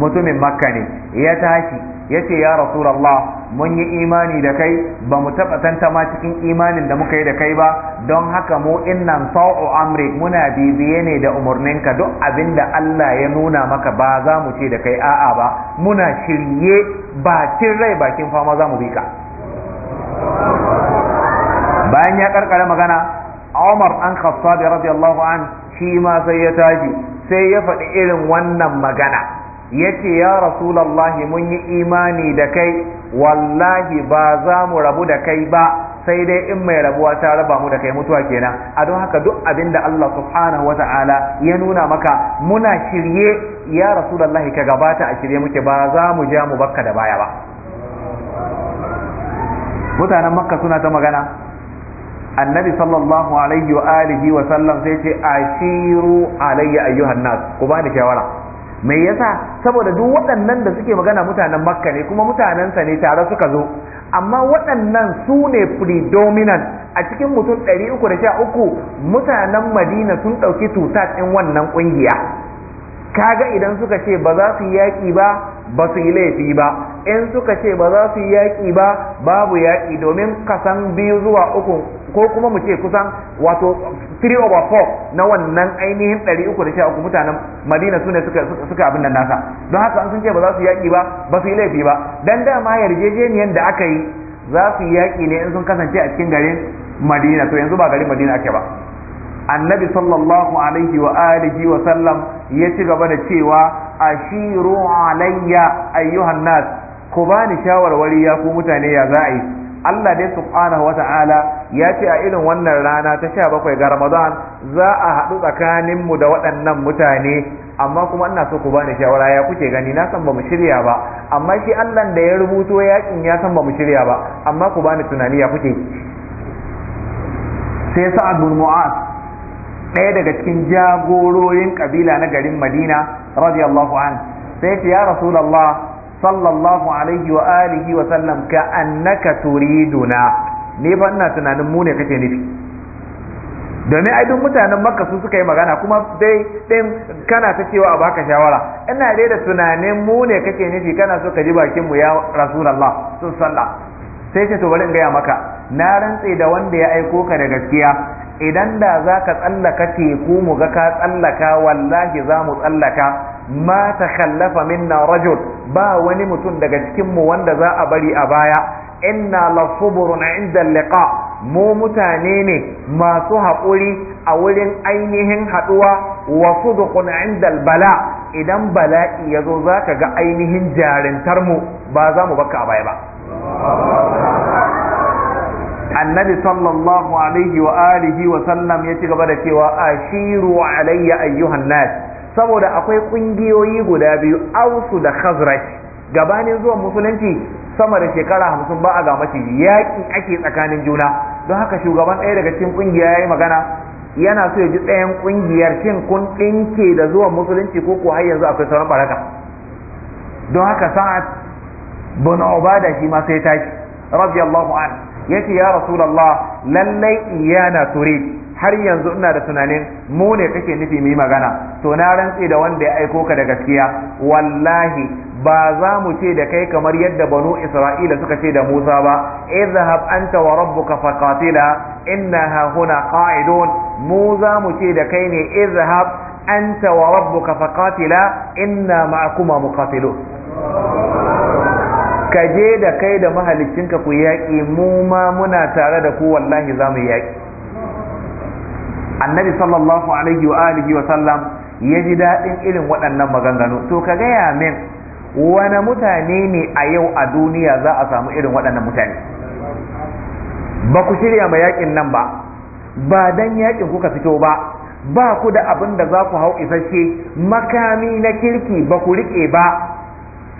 mutumin Makka ne ya tashi yace ya Rasulullah mun yi imani da kai ba mu taɓa ma cikin imanin da muka yi da kai ba don haka mu innan sa'o amri muna bibiye ne da umarninka duk abin da Allah ya nuna maka ba za mu ce da kai a'a ba muna shirye bakin rai bakin fama za mu bi ka bayan ya karkare magana Umar an Khattabi radiyallahu an shi ma sai ya tashi sai ya faɗi irin wannan magana yace ya rasulullahi mun yi imani da kai wallahi ba za mu rabu da kai ba sai dai in mai rabuwa ta raba mu da kai mutuwa kenan a don haka duk abin da Allah subhanahu wata'ala ya nuna maka muna shirye ya rasulullahi ka gabata a shirye muke ba za mu ja mu bakka da baya ba mutanen makka suna ta magana annabi sallallahu alaihi wa alihi wa sallam sai ce ashiru alayya ayyuhan nas ku bani shawara me yasa saboda duk waɗannan da suke magana mutanen makka ne kuma mutanensa ne tare suka zo amma waɗannan su ne predominant a cikin mutum 313 mutanen madina sun ɗauki tuta ɗin wannan ƙungiya kaga idan suka ce ba za su yi yaƙi ba ba su yi laifi ba in suka ce ba za su yi yaƙi ba babu yaƙi domin kasan biyu zuwa uku ko kuma mu ce kusan wato 3 over 4 na wannan ainihin 313 mutanen madina su ne suka abin da nasa don haka an sun ce ba za su yaƙi ba ba su yi laifi ba dan dama yarjejeniyar da aka yi za su yi yaƙi ne in sun kasance a cikin garin madina to yanzu ba garin madina ake ba annabi sallallahu alaihi wa alihi wa sallam ya ci gaba da cewa ashiru alayya ayyuhan nas ku ni shawarwari ya ku mutane ya za a yi Allah dai subhanahu wa ta'ala ya ce a irin wannan rana ta sha bakwai ga Ramadan za a haɗu tsakaninmu da waɗannan mutane amma kuma ina so ku bani shawara ya kuke gani na san bamu shirya ba amma shi Allah da ya rubuto yakin ya san bamu shirya ba amma ku bani tunani ya kuke sai Sa'ad bin Mu'az ɗaya daga cikin jagororin kabila na garin Madina radiyallahu an sai ya ce ya Rasulullah sallallahu alaihi wa alihi wa sallam ka annaka turiduna ne fa ina tunanin mu ne nufi domin ai duk mutanen makka su suka yi magana kuma dai din kana ta cewa a baka shawara ina dai da tunanin mu ne kake nufi kana so ka ji bakin mu ya rasulullah sallallahu sai ce to bari in gaya maka na rantse da wanda ya aiko ka da gaskiya idan da za ka tsallaka teku mu ga ka tsallaka wallahi za mu tsallaka ma ta khallafa minna rajul ba wani mutum daga cikin mu wanda za a bari a baya inna la suburun inda liqa mu mutane ne masu haƙuri a wurin ainihin haɗuwa wa sudqun inda bala idan bala'i ya zo za ka ga ainihin jarintar mu ba za mu baka a baya ba annabi sallallahu alaihi wa alihi wa sallam ya ci gaba da cewa ashiru alayya ayyuhan nas saboda akwai ƙungiyoyi guda biyu ausu da khazraj gabanin zuwan musulunci sama da shekara hamsin ba a ga mace yaƙi ake tsakanin juna don haka shugaban ɗaya daga cikin ƙungiya ya yi magana yana so ya ji ɗayan ƙungiyar cin kun ɗinke da zuwan musulunci ko ko har yanzu akwai sauran baraka don haka sa'ad bin ubada shi ma sai tashi radiyallahu an yace ya rasulullah lallai iyana turid har yanzu ina da tunanin mu ne kake nufi mu yi magana to na rantse da wanda ya aiko ka da gaskiya wallahi ba za mu ce da kai kamar yadda banu isra'ila suka ce da musa ba izhab anta wa rabbuka faqatila inna huna qa'idun mu za mu ce da kai ne izhab anta wa rabbuka faqatila inna ma'akuma muqatilun ka je da kai da mahalicinka ku yaƙi mu ma muna tare da ku wallahi za mu yaƙi annabi sallallahu alaihi wa alihi wa sallam ya ji daɗin irin waɗannan maganganu to ka gaya min wani mutane ne a yau a duniya za a samu irin waɗannan mutane ba ku shirya ma yaƙin nan ba ba dan yaƙin kuka fito ba ba ku da abin da za ku hau isasshe makami na kirki ba ku riƙe ba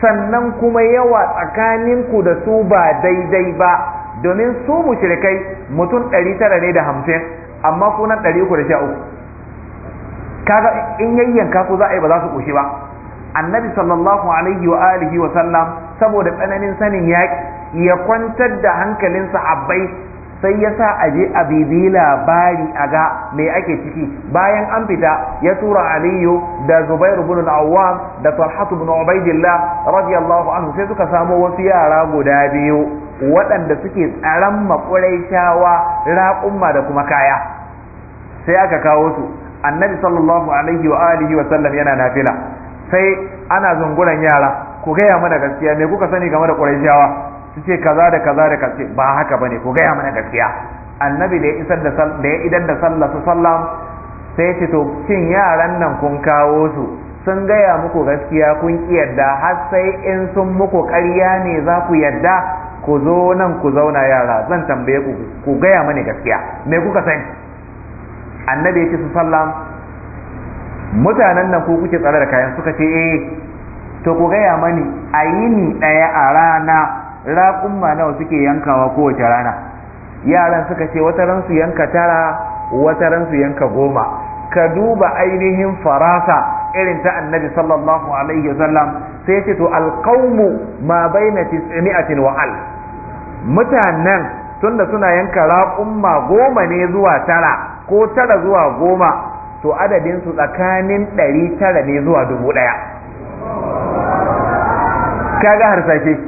sannan kuma yawa tsakaninku da su ba daidai ba domin su mushrikai mutum ɗari tara ne da hamsin amma ɗari ko nan 313 kaga in yayyanka ko za a yi ba za su koshi ba annabi sallallahu alaihi wa alihi wa sallam saboda tsananin sanin yaƙi ya kwantar da hankalin sahabbai sai ya sa aje a bibi labari a ga me ake ciki bayan an fita ya tura aliyu da zubairu bin awwam da talhatu bin ubaidillah radiyallahu anhu sai suka samo wasu yara guda biyu waɗanda suke tsaron maƙuraishawa raƙumma da kuma kaya sai aka kawo su annabi sallallahu alaihi wa alihi wa sallam yana nafila sai ana zunguran yara ku gaya mana gaskiya me kuka sani game da quraishawa su ce kaza da kaza da kaza ba haka bane ku gaya mana gaskiya annabi da ya isar da da ya idan da sallah su sallam sai ce to shin yaran nan kun kawo su sun gaya muku gaskiya kun ki yadda har sai in sun muku ƙarya ne za ku yadda ku zo nan ku zauna yara zan tambaye ku ku gaya mani gaskiya me kuka sani annabi ya ce su sallam mutanen nan ko kuke tsare da kayan suka ce eh to ku gaya mani a yini ɗaya a rana raƙumma nawa suke yankawa kowace rana yaran suka ce wata ran su yanka tara wata ran su yanka goma ka duba ainihin farasa irin ta annabi sallallahu alaihi wasallam sai ce to alqaumu ma baina tis'mi'atin wa al mutanen tunda suna yanka raƙumma goma ne zuwa tara ko tara zuwa goma to adadin su tsakanin ɗari tara ne zuwa dubu ɗaya kaga harsashe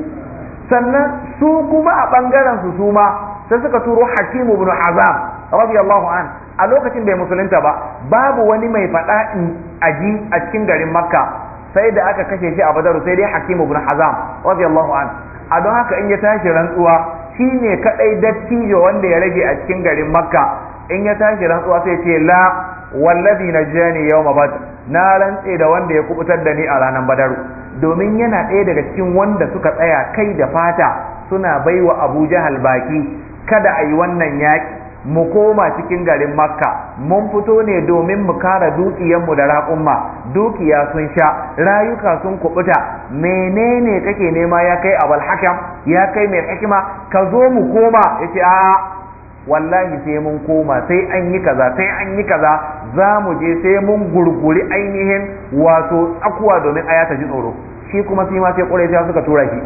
sannan su kuma a ɓangaren su su ma sai suka turo hakimu bin azam radiyallahu an a lokacin bai musulunta ba babu wani mai faɗa in aji a cikin garin makka sai da aka kashe shi a badaru sai dai hakimu bin azam radiyallahu an a don haka in ya tashi rantsuwa shi ne kadai dattijo wanda ya rage a cikin garin makka in ya tashi rantsuwa sai ce la wallazi najani yawma bad na rantse da wanda ya kubutar da ni a ranar badaru domin yana ɗaya daga cikin wanda suka tsaya kai da fata suna baiwa Abu Jahal baki kada a yi wannan yaƙi mu koma cikin garin makka mun fito ne domin mu kara mu da raƙumma dukiya sun sha rayuka sun kubuta menene kake nema ya kai abal hakam ya kai mai hikima ka zo mu koma yace a'a. wallahi sai mun koma sai an yi kaza sai an yi kaza za mu je sai mun gurguri ainihin wato akuwa domin aya ta ji tsoro shi kuma sai ma sai sai suka tura shi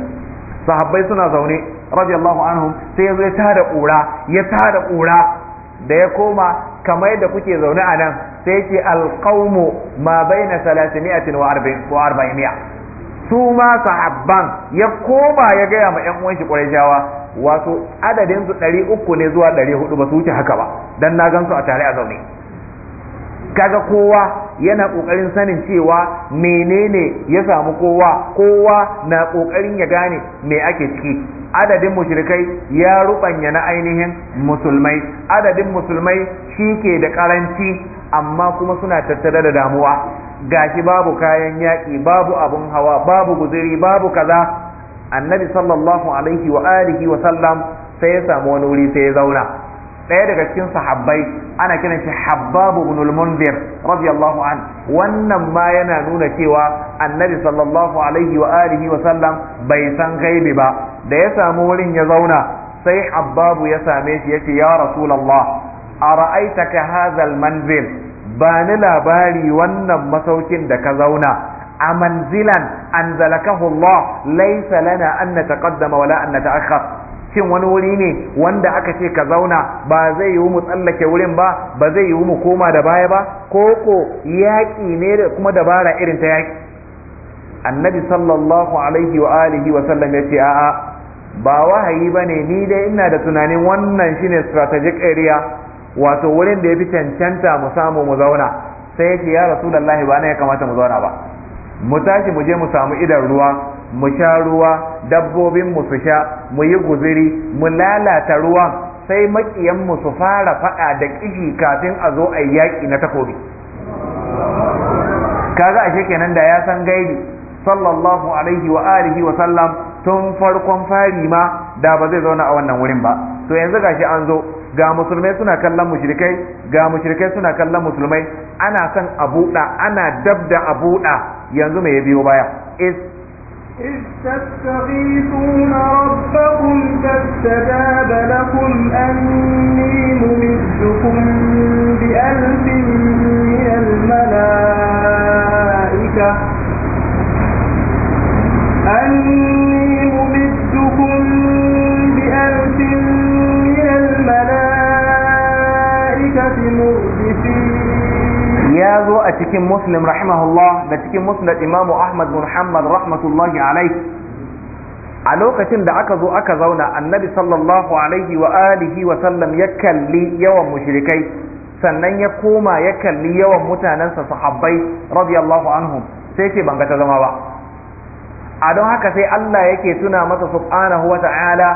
sahabbai suna zaune radiyallahu anhum sai ya zo ya tada ƙura ya tada ƙura da ya koma kamar yadda kuke zaune a nan sai ce alƙaumu ma baina salasimiyatin wa su ma sahabban ya koma ya gaya ma 'yan uwan shi ƙuraishawa wato adadin su ɗari uku ne zuwa ɗari hudu ba su wuce haka ba dan na gan su a tare a zaune kaga kowa yana ƙoƙarin sanin cewa menene ya samu kowa kowa na ƙoƙarin ya gane me ake ciki adadin mushrikai ya ruɓanya na ainihin musulmai adadin musulmai shi ke da ƙaranci amma kuma suna tattare da damuwa gashi babu kayan yaƙi babu abun hawa babu guziri babu kaza annabi sallallahu alaihi wa alihi wa sallam sai ya samu wani wuri sai ya zauna ɗaya daga cikin sahabbai ana kiran shi habbabu ibn al-munzir radiyallahu an wannan ma yana nuna cewa annabi sallallahu alaihi wa alihi wa sallam bai san gaibi ba da ya samu wurin ya zauna sai habbabu ya same shi yace ya rasulullah ara'aitaka hadha al-manzil ba ni labari wannan masaukin da ka zauna أمنزلا أنزلكه الله ليس لنا أن نتقدم ولا أن shin wani wuri ne wanda aka ce ka zauna ba zai yiwu mu tsallake wurin ba ba zai yiwu mu koma da baya ba ko ko yaƙi ne da kuma dabara irin ta yaƙi annabi sallallahu alaihi wa alihi wa sallam ya ce a'a ba wahayi ba ne ni dai ina da tunanin wannan shine strategic area wato wurin da ya fi cancanta mu samu mu zauna sai ya ce ya rasulallahi ba na ya kamata mu zauna ba mu tashi mu je mu samu idan ruwa mu sha ruwa dabbobin mu su sha mu yi guziri mu lalata ruwan sai makiyan mu su fara faɗa da kishi kafin a zo a yaƙi na takobi kaga ashe kenan da ya san gaibi sallallahu alaihi wa alihi wa sallam tun farkon fari ma da ba zai zauna a wannan wurin ba to yanzu gashi an zo ga musulmai suna kallon mushrikai ga mushrikai suna kallon musulmai ana son a ana dab da a buɗa yanzu me ya biyo baya is إذ تستغيثون ربكم فاستجاب لكم أني ممدكم بألف من الملائكة أني ممدكم بألف من الملائكة مردفين ya zo a cikin muslim rahimahullah da cikin musnad imamu ahmad bin hanbal rahmatullahi alaihi a lokacin da aka zo aka zauna annabi sallallahu alaihi wa alihi wa sallam ya kalli yawan mushrikai sannan ya koma ya kalli yawan mutanensa sahabbai radiyallahu anhum sai ce ban ga ta zama ba a don haka sai Allah yake tuna masa subhanahu wa ta'ala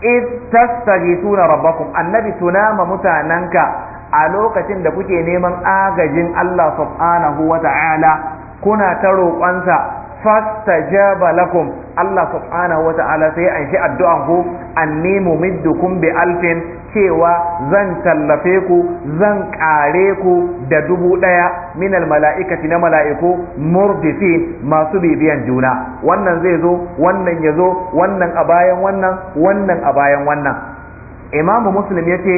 id tastaghithuna rabbakum annabi tunama mutananka a lokacin da kuke neman agajin Allah subhanahu wa ta'ala kuna ta roƙonsa fastajaba lakum Allah subhanahu wa ta'ala sai an shi addu'an ku an anni middukum bi alfin cewa zan tallafe ku zan kare ku da dubu daya min mala'ikati na mala'iku murdisi masu bibiyan juna wannan zai zo wannan ya zo wannan a bayan wannan wannan a bayan wannan imamu muslim ya ce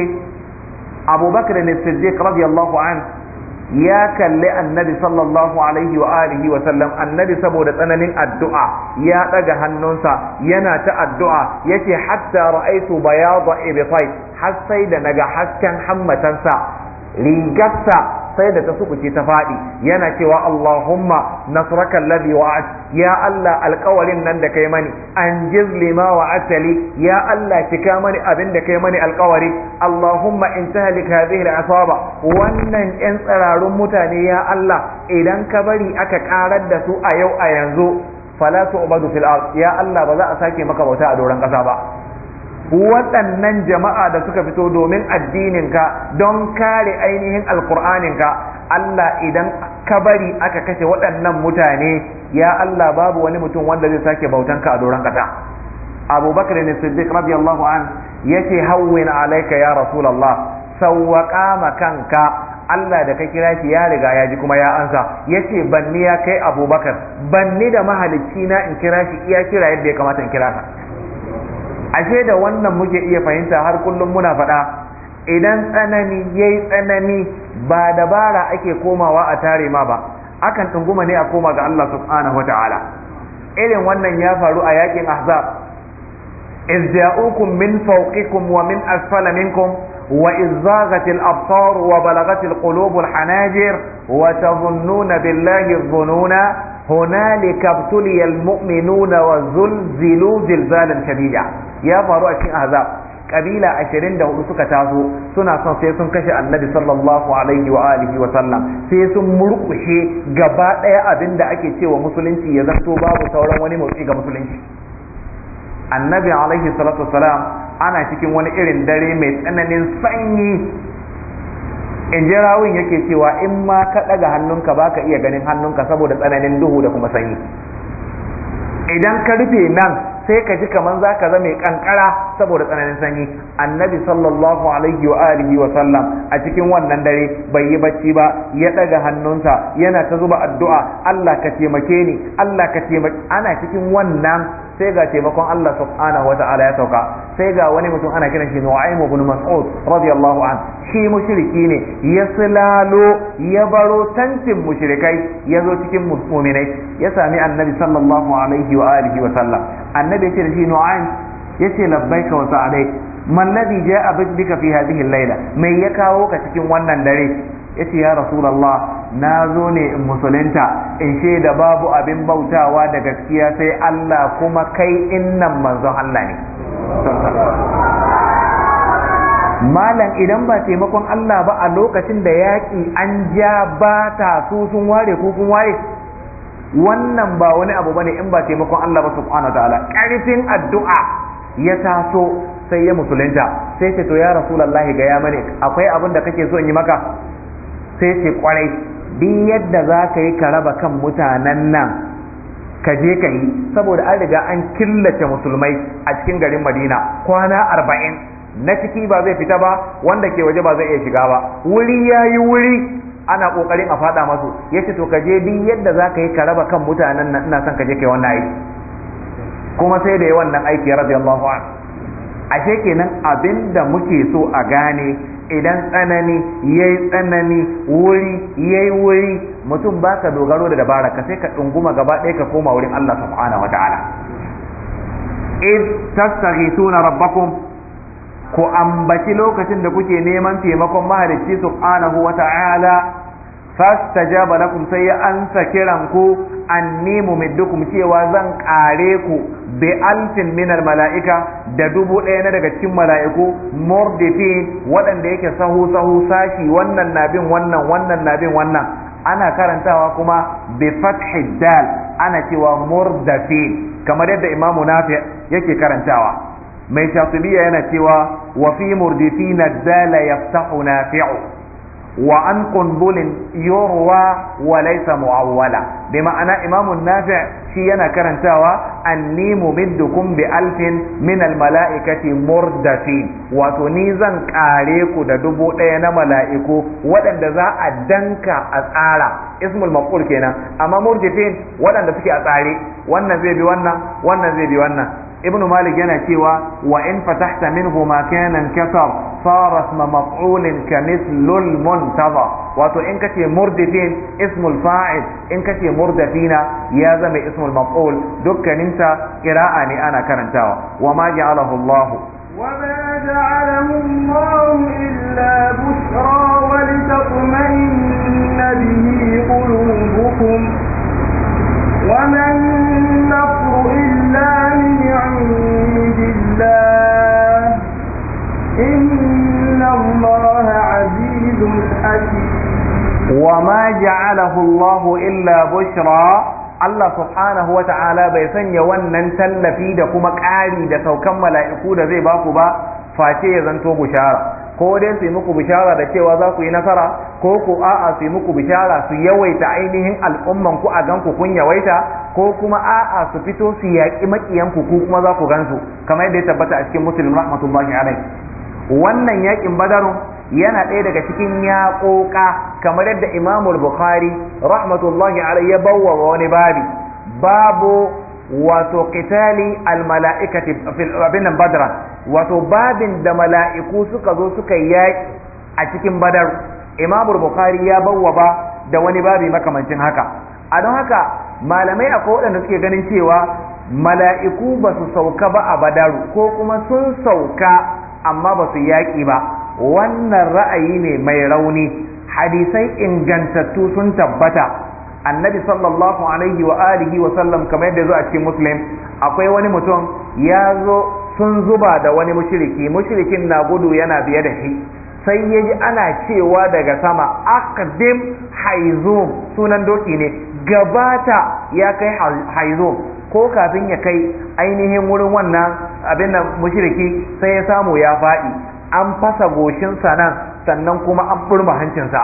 abubakar ne siddiq radiyallahu an ya kalli annabi sallallahu alaihi wa alihi wa sallam annabi saboda tsananin addu'a ya daga hannunsa yana ta addu'a yace hatta ra'aitu bayada ibtai har sai da naga hasken hammatansa rigarsa sai da ta sukuci ta faɗi yana cewa Allahumma nasraka alladhi wa'ad ya Allah alƙawarin nan da kai mani an jizli ma wa'atali ya Allah cika mani abin da kai mani alƙawari Allahumma in tahlik hadhihi al'asaba wannan ƴan tsararun mutane ya Allah idan ka bari aka ƙarar da su a yau a yanzu fala tu'badu fil ard ya Allah ba za a sake maka bauta a doron ƙasa ba waɗannan jama'a da suka fito domin addininka don kare ainihin alkur'aninka Allah idan ka bari aka kashe waɗannan mutane ya Allah babu wani mutum wanda zai sake bautan ka a doron kasa Abu Bakar ne Siddiq radiyallahu an yace hawwin alayka ya Rasulullah sawwaqa ma kanka Allah da ka kira shi ya riga ya ji kuma ya ansa yace banni ya kai Abubakar banni da mahalicci na in kira shi iya kira yadda ya kamata in kira ka ashe da wannan muke iya fahimta har kullum muna faɗa idan tsanani yayi tsanani ba dabara ake komawa a tare ma ba akan tunguma ne a koma ga Allah subhanahu ta'ala irin wannan ya faru a yakin ahzab iz ja'ukum min fawqikum wa min asfala minkum wa iz zaghatil absar wa balagatil qulub al hanajir wa tazunnuna billahi dhununa هنالك ابتلي المؤمنون وزلزلوا زلزالا شديدا ya faru a cikin azab kabila 24 suka taso suna son sai sun kashe annabi sallallahu alaihi wa alihi wa sallam sai sun murkushe gaba daya abinda ake cewa musulunci ya zanto babu sauran wani motsi ga musulunci annabi alaihi salatu wasalam ana cikin wani irin dare mai tsananin sanyi in jarawin rawin yake cewa in ma ka ɗaga hannunka ba ka iya ganin hannunka saboda tsananin duhu da kuma sanyi idan ka rufe nan sai ka ji kamar za ka zama kankara saboda tsananin sanyi annabi sallallahu alaihi wa alihi wa sallam a cikin wannan dare bai yi bacci ba ya daga hannunsa yana ta zuba addu'a Allah ka taimake ni Allah ka taimake ana cikin wannan sai ga taimakon Allah subhanahu wa ta'ala ya sauka sai ga wani mutum ana kiran shi Nu'aym ibn Mas'ud radiyallahu an shi mushriki ne ya silalo ya baro tantin mushrikai ya zo cikin mu'minai ya sami annabi sallallahu alaihi wa alihi wa sallam annabi ya ce da shi Nu'aym ya ce labbaika wa sa'alaik man ladhi abin bika fi hadhihi laila mai ya kawo ka cikin wannan dare yace ya rasulullah na zo ne in musulunta in da babu abin bautawa da gaskiya sai Allah kuma kai innan manzon Allah ne malam idan ba taimakon Allah ba a lokacin da yaƙi an ja ba ta su sun ware ko kun ware wannan ba wani abu bane in ba taimakon Allah ba subhanahu wa ta'ala karfin addu'a ya taso sai ya musulunta sai ce to ya rasulallahi ga ya mani akwai abin da kake so in yi maka sai ce kwarai duk yadda za ka yi ka kan mutanen nan ka je ka yi saboda an riga an killace musulmai a cikin garin madina kwana arba'in na ciki ba zai fita ba wanda ke waje ba zai iya shiga ba wuri ya yi wuri ana kokarin a fada masu ya ce to ka je duk yadda za ka yi ka kan mutanen nan ina son ka je ka yi wannan aiki kuma sai da yi wannan aiki radiyallahu an ashe kenan da muke so a gane idan tsanani ya yi tsanani wuri ya yi wuri mutum ba ka dogaro da dabara ka sai ka ɗunguma gaba ɗaya ka koma wurin Allah subhanahu wa ta'ala إذ تستغيثون ربكم ku ambaci lokacin da kuke neman taimakon mahalicci subhanahu wa ta'ala fastajaba lakum sai ya ansa kiran ku anni mumiddukum cewa zan kare ku bi alfin minal mala'ika da dubu ɗaya na daga cikin mala'iku murdifin waɗanda yake sahu sahu sashi wannan na bin wannan wannan na bin wannan ana karantawa kuma bi fathi dal ana cewa mordafin kamar yadda imamu nafi yake karantawa mai shatibiya yana cewa wa fi murdifina dala yaftahu nafi'u wa an qundulin yurwa wa laysa muawwala bi ma'ana imamun an shi yana karantawa annimu middukum bi alfin minal al-mala'ikati murdafin wato ni zan kare ku da dubu ɗaya na mala'iku waɗanda za a danka a tsara ismul maqul kenan amma murdafin waɗanda suke a tsare wannan zai bi wannan wannan zai bi wannan ibnu malik yana cewa wa in fatahta min ma kana kasar صار اسم مفعول كمثل المنتظر واتو ان كتي مردتين اسم الفاعل ان كتي مردتين يا زمي اسم المفعول دك ننسى قراءني انا كرنتا وما جعله الله وما جعله الله الا بشرى ولتطمئن به قلوبكم وما النصر الا من عند الله الله عزيز حكيم وما جعله الله إلا بشرى Allah subhanahu wa ta'ala bai sanya wannan tallafi da kuma ƙari da saukan mala'iku da zai baku ba face ya zanto bishara ko dai su yi muku bishara da cewa za ku yi nasara ko ku a'a su yi muku bishara su yawaita ainihin al'umman ku a gan kun yawaita ko kuma a'a su fito su yaƙi maƙiyan ku ku kuma za ku gansu kamar yadda ya tabbata a cikin muslim rahmatullahi alaihi wannan yakin badar yana ɗaya daga cikin yaƙoƙa kamar yadda imamu bukhari rahmatullahi alai ya bawa wani babi babu wato qitali al mala'ikati fil abin badra wato babin da mala'iku suka zo suka yaƙi a cikin badar imamu bukhari ya bawa ba da wani babi makamancin haka a don haka malamai akwai waɗanda suke ganin cewa mala'iku ba su sauka ba a badaru ko kuma sun sauka amma ba su yaƙi ba wannan ra'ayi ne mai rauni hadisai ingantattu sun tabbata annabi sallallahu alaihi wa alihi wa sallam kamar yadda zo a cikin muslim akwai wani mutum ya zo sun zuba da wani mushriki Mushirikin na gudu yana biye da shi sai ya ji ana cewa daga sama akadim haizum sunan doki ne gabata ya kai haizum ko kafin ya kai ainihin wurin wannan abin mushiriki sai ya samu ya faɗi an fasa goshinsa nan sannan kuma an burma hancinsa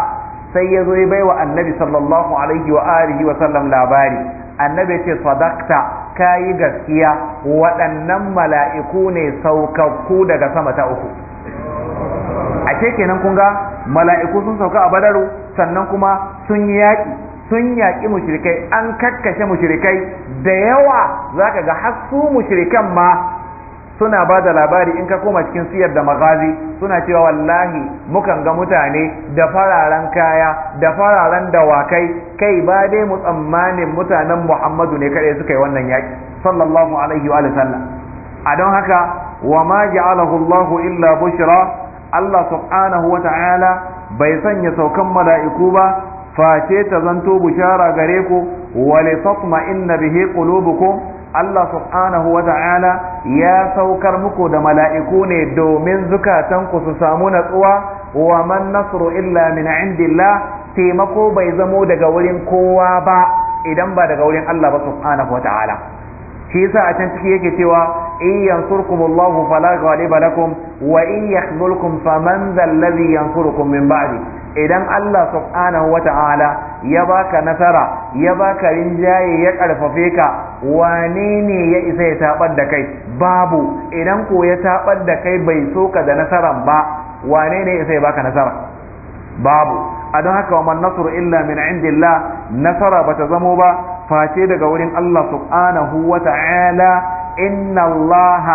sai ya zo ya baiwa annabi sallallahu alaihi wa alihi wa sallam labari annabi ya ce sadakta kayi gaskiya waɗannan mala'iku ne saukakku daga sama ta uku ce kenan kun ga mala'iku sun sauka a badaru sannan kuma sun yi yaƙi sun yaƙi mushrikai an kakkashe mushrikai da yawa zaka ga har su mushrikan ma suna ba da labari in ka koma cikin siyar da magazi suna cewa wallahi mukan ga mutane da fararen kaya da fararen dawakai kai ba dai mu tsammanin mutanen muhammadu ne kaɗai suka yi wannan yaƙi sallallahu alaihi wa sallam a don haka wa ma ja'alahu allahu illa bushra allah subhanahu wa ta'ala bai sanya saukan mala'iku ba face ta zanto bushara gare ku wa li tatma'inna bihi qulubukum Allah subhanahu wa ta'ala ya saukar muku da mala'iku ne domin zukatanku su samu natsuwa wa man nasru illa min indillah taimako bai zamo daga wurin kowa ba idan ba daga wurin Allah ba subhanahu wa ta'ala shi yasa a can ciki yake cewa in yansurkumullahu fala ghaliba lakum wa in yakhzulkum faman dhal ladhi yansurukum min ba'di idan Allah subhanahu ta'ala ya baka nasara ya baka rinjaye ya karfafe ka wane ne ya isa ya tabar da kai babu idan ko ya tabar da kai bai so ka da nasara ba wane ne ya isa ya baka nasara babu a don haka wa man nasru illa min indillah nasara bata zamo ba face daga wurin Allah subhanahu ta'ala inna Allah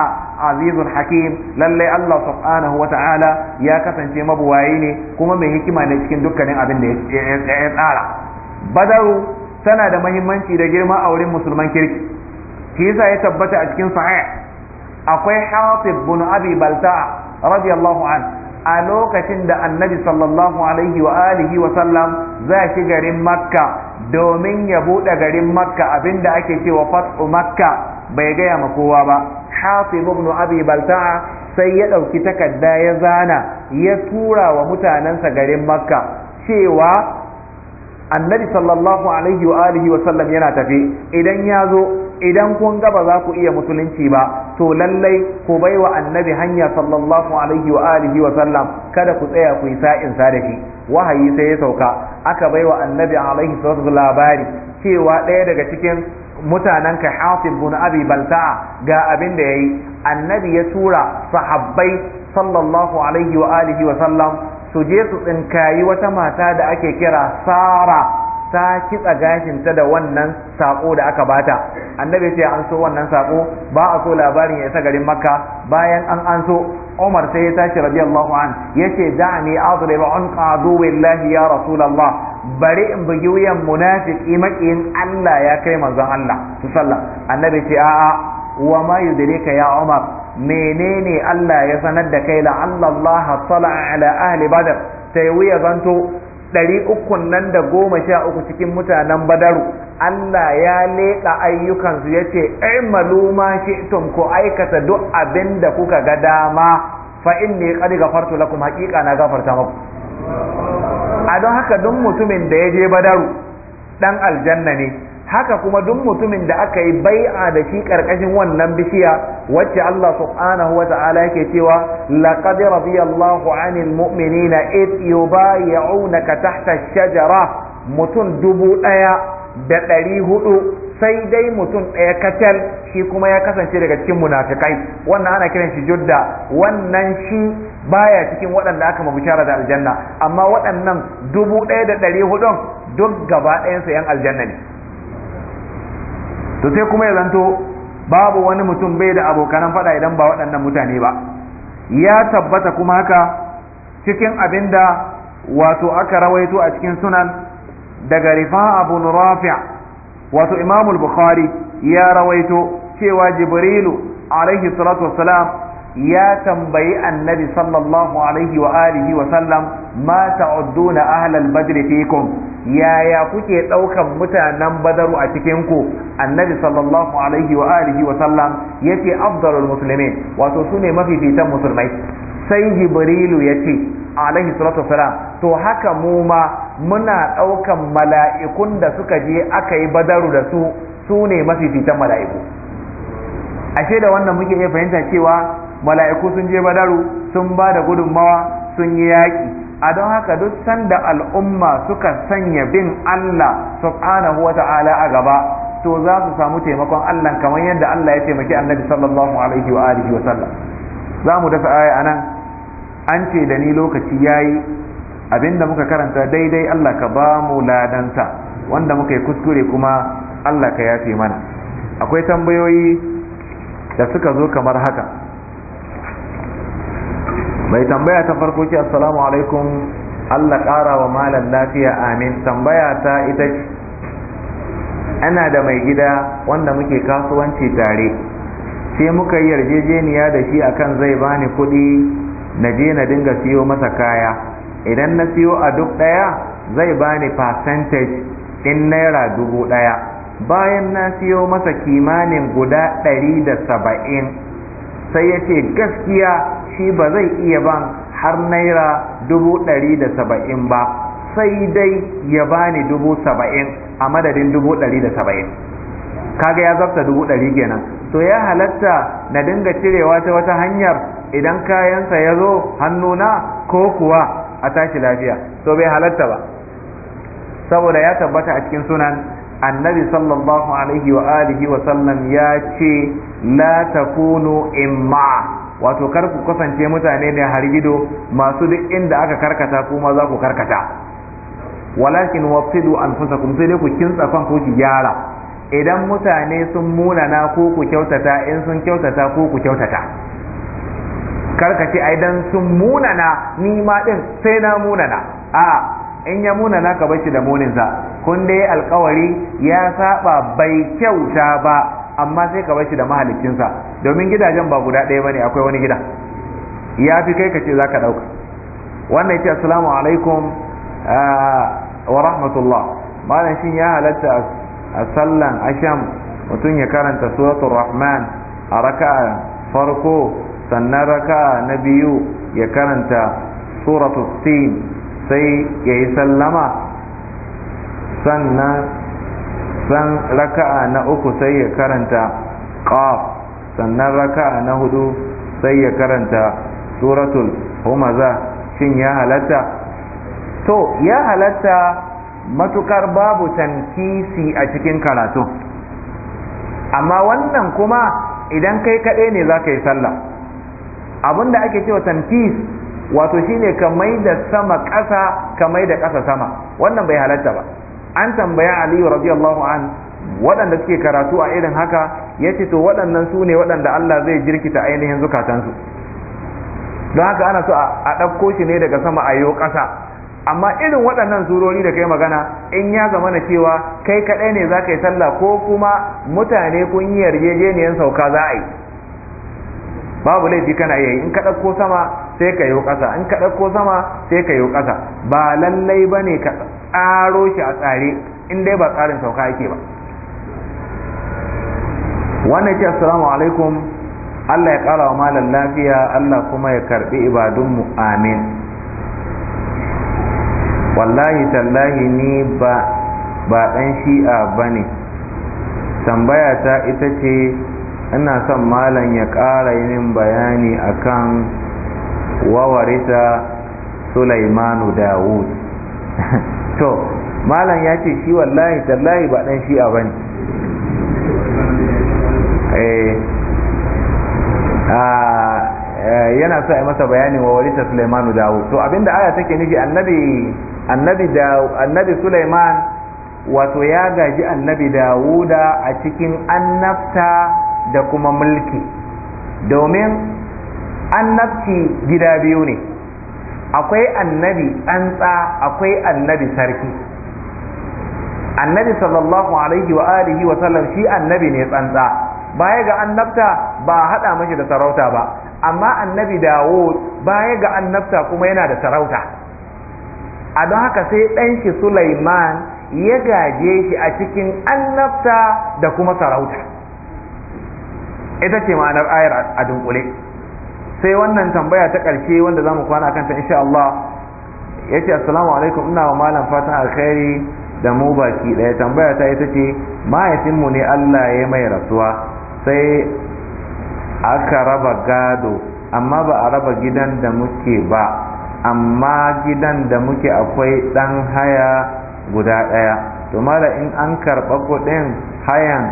azizun hakim lallai Allah subhanahu wa ta'ala ya kasance mabuwayi ne kuma mai hikima ne cikin dukkanin abin da ya tsara badaru tana da mahimmanci da girma a wurin musulman kirki shi yasa ya tabbata a cikin sahih akwai hafiz bun abi balta'a radiyallahu an a lokacin da annabi sallallahu alaihi wa wa sallam za shi garin makka domin ya buɗe garin makka abinda ake cewa fat'u makka bai gaya ma kowa ba hafiz ibn abi balta'a sai ya ɗauki takarda ya zana ya tura wa mutanensa garin makka cewa annabi sallallahu alaihi wa alihi wa sallam yana tafi idan ya zo idan kun ga ba za ku iya musulunci ba to lallai ku bai wa annabi hanya sallallahu alaihi wa alihi wa sallam kada ku tsaya ku yi sa'in sa da shi wahayi sai ya sauka aka bai wa annabi alaihi sallallahu labari cewa ɗaya daga cikin mutanenka Hatib bin Abi Balta'a ga abin da yayi annabi ya tura sahabbai sallallahu alaihi wa alihi wa sallam su je su tsinkayi wata mata da ake kira Sara ta kitsa gashinta da wannan sako da aka bata annabi sai an so wannan sako ba a so labarin ya isa garin makka bayan an an so umar sai ya tashi radiyallahu an yace da'ani adrib an billahi ya rasulullah bari in bugi wuyan munafiki makiyin Allah ya kai manzon Allah su sallah. annabi ce a'a wa ma yudrika ya Umar menene Allah ya sanar da kai la Allah sala ala ahli badr sai wuya zanto ɗari uku nan da goma sha uku cikin mutanen badaru Allah ya leƙa ayyukansu ya ce maluma shi tun ku aikata duk abinda kuka ga dama fa inni qad ghafartu lakum haqiqa na gafarta maku a don haka duk mutumin da ya je badaru dan aljanna ne haka kuma duk mutumin da aka yi bai'a da shi karkashin wannan bishiya wacce Allah subhanahu wa ta'ala yake cewa laqad radiyallahu 'anil mu'minina id yubayyi'unaka tahta ash-shajara mutum dubu daya da ɗari hudu sai dai mutum ɗaya kacal shi kuma ya kasance daga cikin munafikai wannan ana kiran shi judda wannan shi baya cikin waɗanda aka mabushara da aljanna amma waɗannan dubu ɗaya da ɗari hudun duk gaba ɗayansa yan aljanna ne to sai kuma ya zanto babu wani mutum bai da abokanan faɗa idan ba waɗannan mutane ba ya tabbata kuma haka cikin abin da wato aka rawaito a cikin sunan daga rifa abu rafi' wato Imamul bukhari ya rawaito cewa jibrilu alaihi salatu wassalam ya tambayi annabi sallallahu alaihi wa alihi wa sallam ma ta'udduna ahlal badr fikum yaya kuke daukan mutanen badaru a cikin ku annabi sallallahu alaihi wa alihi wa sallam yace afdalul muslimin wato sune mafifitan musulmai sai jibrilu ya ce alaihi salatu wasalam to haka mu ma muna ɗaukan mala'ikun da suka je aka yi badaru da su su ne fitan mala'iku ashe da wannan muke iya fahimta cewa mala'iku sun je badaru sun ba da gudunmawa sun yi yaƙi a don haka duk sanda al'umma suka sanya bin Allah subhanahu wata'ala a gaba to za su samu taimakon Allah kamar yadda Allah ya taimaki annabi sallallahu alaihi wa alihi wa sallam za mu dafa aya anan an ce da ni lokaci ya yi abinda muka karanta daidai Allah ka ba mu ladanta wanda muka yi kuskure kuma Allah ka yafe mana akwai tambayoyi da suka zo kamar haka mai tambaya ta farko ce assalamu alaikum Allah ƙara wa malam lafiya amin tambaya ta ita ce ana da mai gida wanda muke kasuwanci tare sai muka yi yarjejeniya da shi akan zai bani kuɗi na je na dinga siyo masa kaya idan na siyo a duk ɗaya zai bani percentage in naira dubu ɗaya bayan na siyo masa kimanin guda ɗari da saba'in sai ya ce gaskiya shi ba zai iya ban har naira dubu ɗari da saba'in ba sai dai ya bani dubu saba'in a madadin dubu ɗari da saba'in kaga ya zafta dubu ɗari kenan to ya halatta na dinga cirewa ta wata hanyar idan kayansa ya zo hannuna ko kuwa a tashi lafiya to bai halatta ba saboda ya tabbata a cikin sunan annabi sallallahu alaihi wa alihi wa sallam ya ce la takunu imma wato kar ku kasance mutane ne har gido masu duk inda aka karkata kuma za ku karkata walakin wafsidu anfusakum sai dai ku kintsa kan ku gyara idan mutane sun munana ko ku kyautata in sun kyautata ko ku kyautata karka ce ai dan sun munana ni ma din sai na munana a in ya munana ka bar shi da muninsa kun dai alkawari ya saba bai kyauta ba amma sai ka bar shi da mahalicinsa domin gidajen ba guda ɗaya bane akwai wani gida ya fi kai kace zaka za ɗauka wannan ya ce assalamu alaikum ah, wa rahmatullah malam shin ya halatta a sallan asham mutum ya karanta suratul rahman a raka'a farko sannan raka'a na biyu ya karanta suratul sin sai ya yi sallama sannan san raka'a na uku sai ya karanta qaf sannan raka'a na hudu sai ya karanta suratul humaza shin ya halatta to ya halatta matukar babu tankisi a cikin karatu amma wannan kuma idan kai kaɗai ne za ka yi sallah abin da ake cewa tankis wato shine ka mai da sama ƙasa ka mai da ƙasa sama wannan bai halatta ba an tambaya aliyu radiyallahu an waɗanda suke karatu a irin haka ya ce to waɗannan su ne waɗanda allah zai jirkita ainihin zukatansu don haka ana so a ɗauko shi ne daga sama a yo ƙasa amma irin waɗannan surori da kai magana in ya zama na cewa kai kaɗai ne za ka yi sallah ko kuma mutane kun yi yarjejeniyar sauka za a yi babu laifi kana iya yi in ka ɗauko sama sai ka yi ƙasa in ka ɗauko sama sai ka yi ƙasa ba lallai ba ne ka tsaro shi a tsare in dai ba tsarin sauka yake ba wannan ce assalamu alaikum Allah ya ƙara wa malam lafiya Allah kuma ya karɓi ibadunmu amin wallahi tallahi ni ba ba ɗan shi'a ba ne tambaya ta ita ce ina son malam ya ƙara yin bayani akan wawarita sulaimanu dawud to malam ya ce shi wallahi tallahi ba ɗan shi'a ba ne eh, eh, yana so masa bayanin wawarita sulaimanu dawud to abinda aya take nufi annabi annabi da annabi Sulaiman wato ya gaji annabi Dawuda a cikin annabta da kuma mulki domin annabci gida biyu ne akwai annabi tsantsa akwai annabi sarki annabi sallallahu alaihi wa alihi wa sallam shi annabi ne tsantsa baya ga annabta ba a haɗa mashi da sarauta ba amma annabi dawo baya ga annabta kuma yana da sarauta a don haka sai ɗan shi Sulaiman ya gaje shi a cikin annabta da kuma sarauta ita ce ma'anar ayar a dunkule sai wannan tambaya ta ƙarshe wanda zamu kwana kanta insha Allah ce assalamu alaikum ina wa malam fatan alkhairi da mu baki ɗaya tambaya ta ita ce mahaifinmu ne Allah ya mai rasuwa sai aka raba gado amma ba a raba gidan da muke ba amma gidan da muke akwai ɗan haya guda ɗaya to mara in an karɓa kuɗin hayan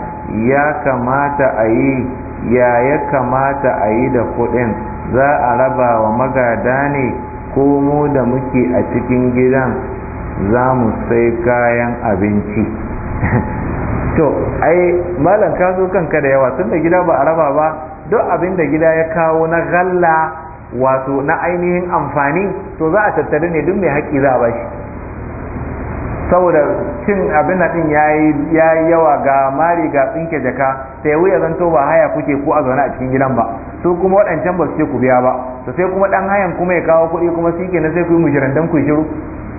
ya kamata a yi ya ya kamata a yi da kuɗin za a raba wa magada ne ko mu da muke a cikin gidan za mu sai kayan abinci to ai malam ka kanka da yawa tun gida ba a raba ba duk abin da gida ya kawo na galla wato na ainihin amfani to za a tattare ne duk mai haƙƙi za a bashi saboda cin abin din ya yi yawa ga mari ga tsinke jaka sai wuya zan zanto ba haya kuke ko a zaune a cikin gidan ba su kuma waɗancan ba su ce ku biya ba to sai kuma ɗan hayan kuma ya kawo kuɗi kuma su kenan sai ku yi mujirandan ku shiru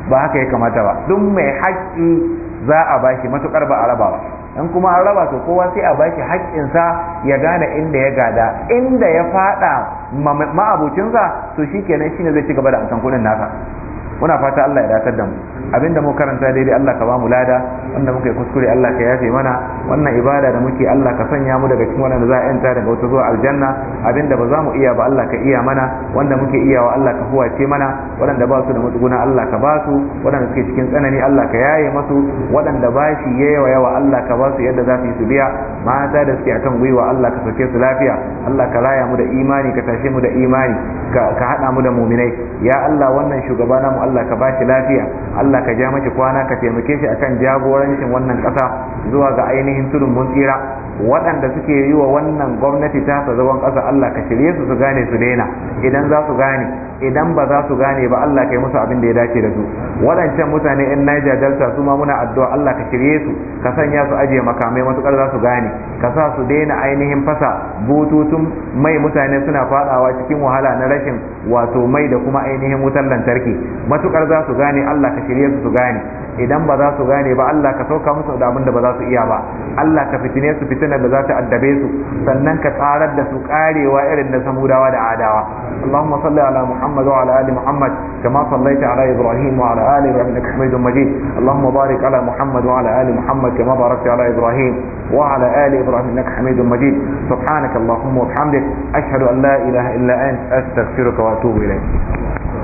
ba haka ya kamata ba duk mai haƙƙi za a bashi matuƙar ba a raba ba in kuma an raba to kowa sai a bashi haƙƙinsa ya gane inda ya gada inda ya faɗa ma'abocinsa to shi kenan shi ne zai ci gaba da amsan kuɗin nasa muna fata Allah ya datar da mu abinda mu karanta daidai Allah ka ba mu lada wanda muka yi kuskure Allah ka yafe mana wannan ibada da muke Allah ka sanya mu daga cikin wanda za a yanta daga wata zuwa aljanna abinda ba za mu iya ba Allah ka iya mana wanda muke wa Allah ka huwace mana waɗanda ba su da matsuguna Allah ka ba su waɗanda suke cikin tsanani Allah ka yaye masu waɗanda ba shi yawa yawa Allah ka ba su yadda za su yi su biya mata da suke akan gwiwa Allah ka sauke su lafiya Allah ka raya mu da imani ka tashe mu da imani ka haɗa mu da muminai ya Allah wannan shugaba namu Allah ka bashi lafiya Allah ka ja mashi kwana ka taimake shi akan jagorancin wannan ƙasa zuwa ga ainihin tudun mun tsira waɗanda suke yi wa wannan gwamnati ta sa zagon ƙasa Allah ka shirye su su gane su daina idan za su gane idan ba za su gane ba Allah ka yi musu abin da ya dace da su waɗancan mutane in Niger Delta su ma muna addu'a Allah ka shirye su ka sanya su ajiye makamai matukar za su gane ka sa su daina ainihin fasa bututun mai mutane suna fadawa cikin wahala na rashin wato mai da kuma ainihin wutar lantarki matukar za su gane Allah ka shirye su su gane idan ba za su gane ba Allah ka sauka musu da abin da ba za su iya ba Allah ka fitine su fitina da za ta addabe su sannan ka tsarar da su karewa irin na samudawa da adawa Allahumma salli ala Muhammad wa ala ali Muhammad kama sallaita ala Ibrahim wa ala ali Ibrahim innaka Hamidum Majid Allahumma barik ala Muhammad wa ala ali Muhammad kama barakta ala Ibrahim wa ala ali Ibrahim innaka Hamidum Majid subhanaka Allahumma wa bihamdik ashhadu an la ilaha illa anta astaghfiruka wa atubu ilayk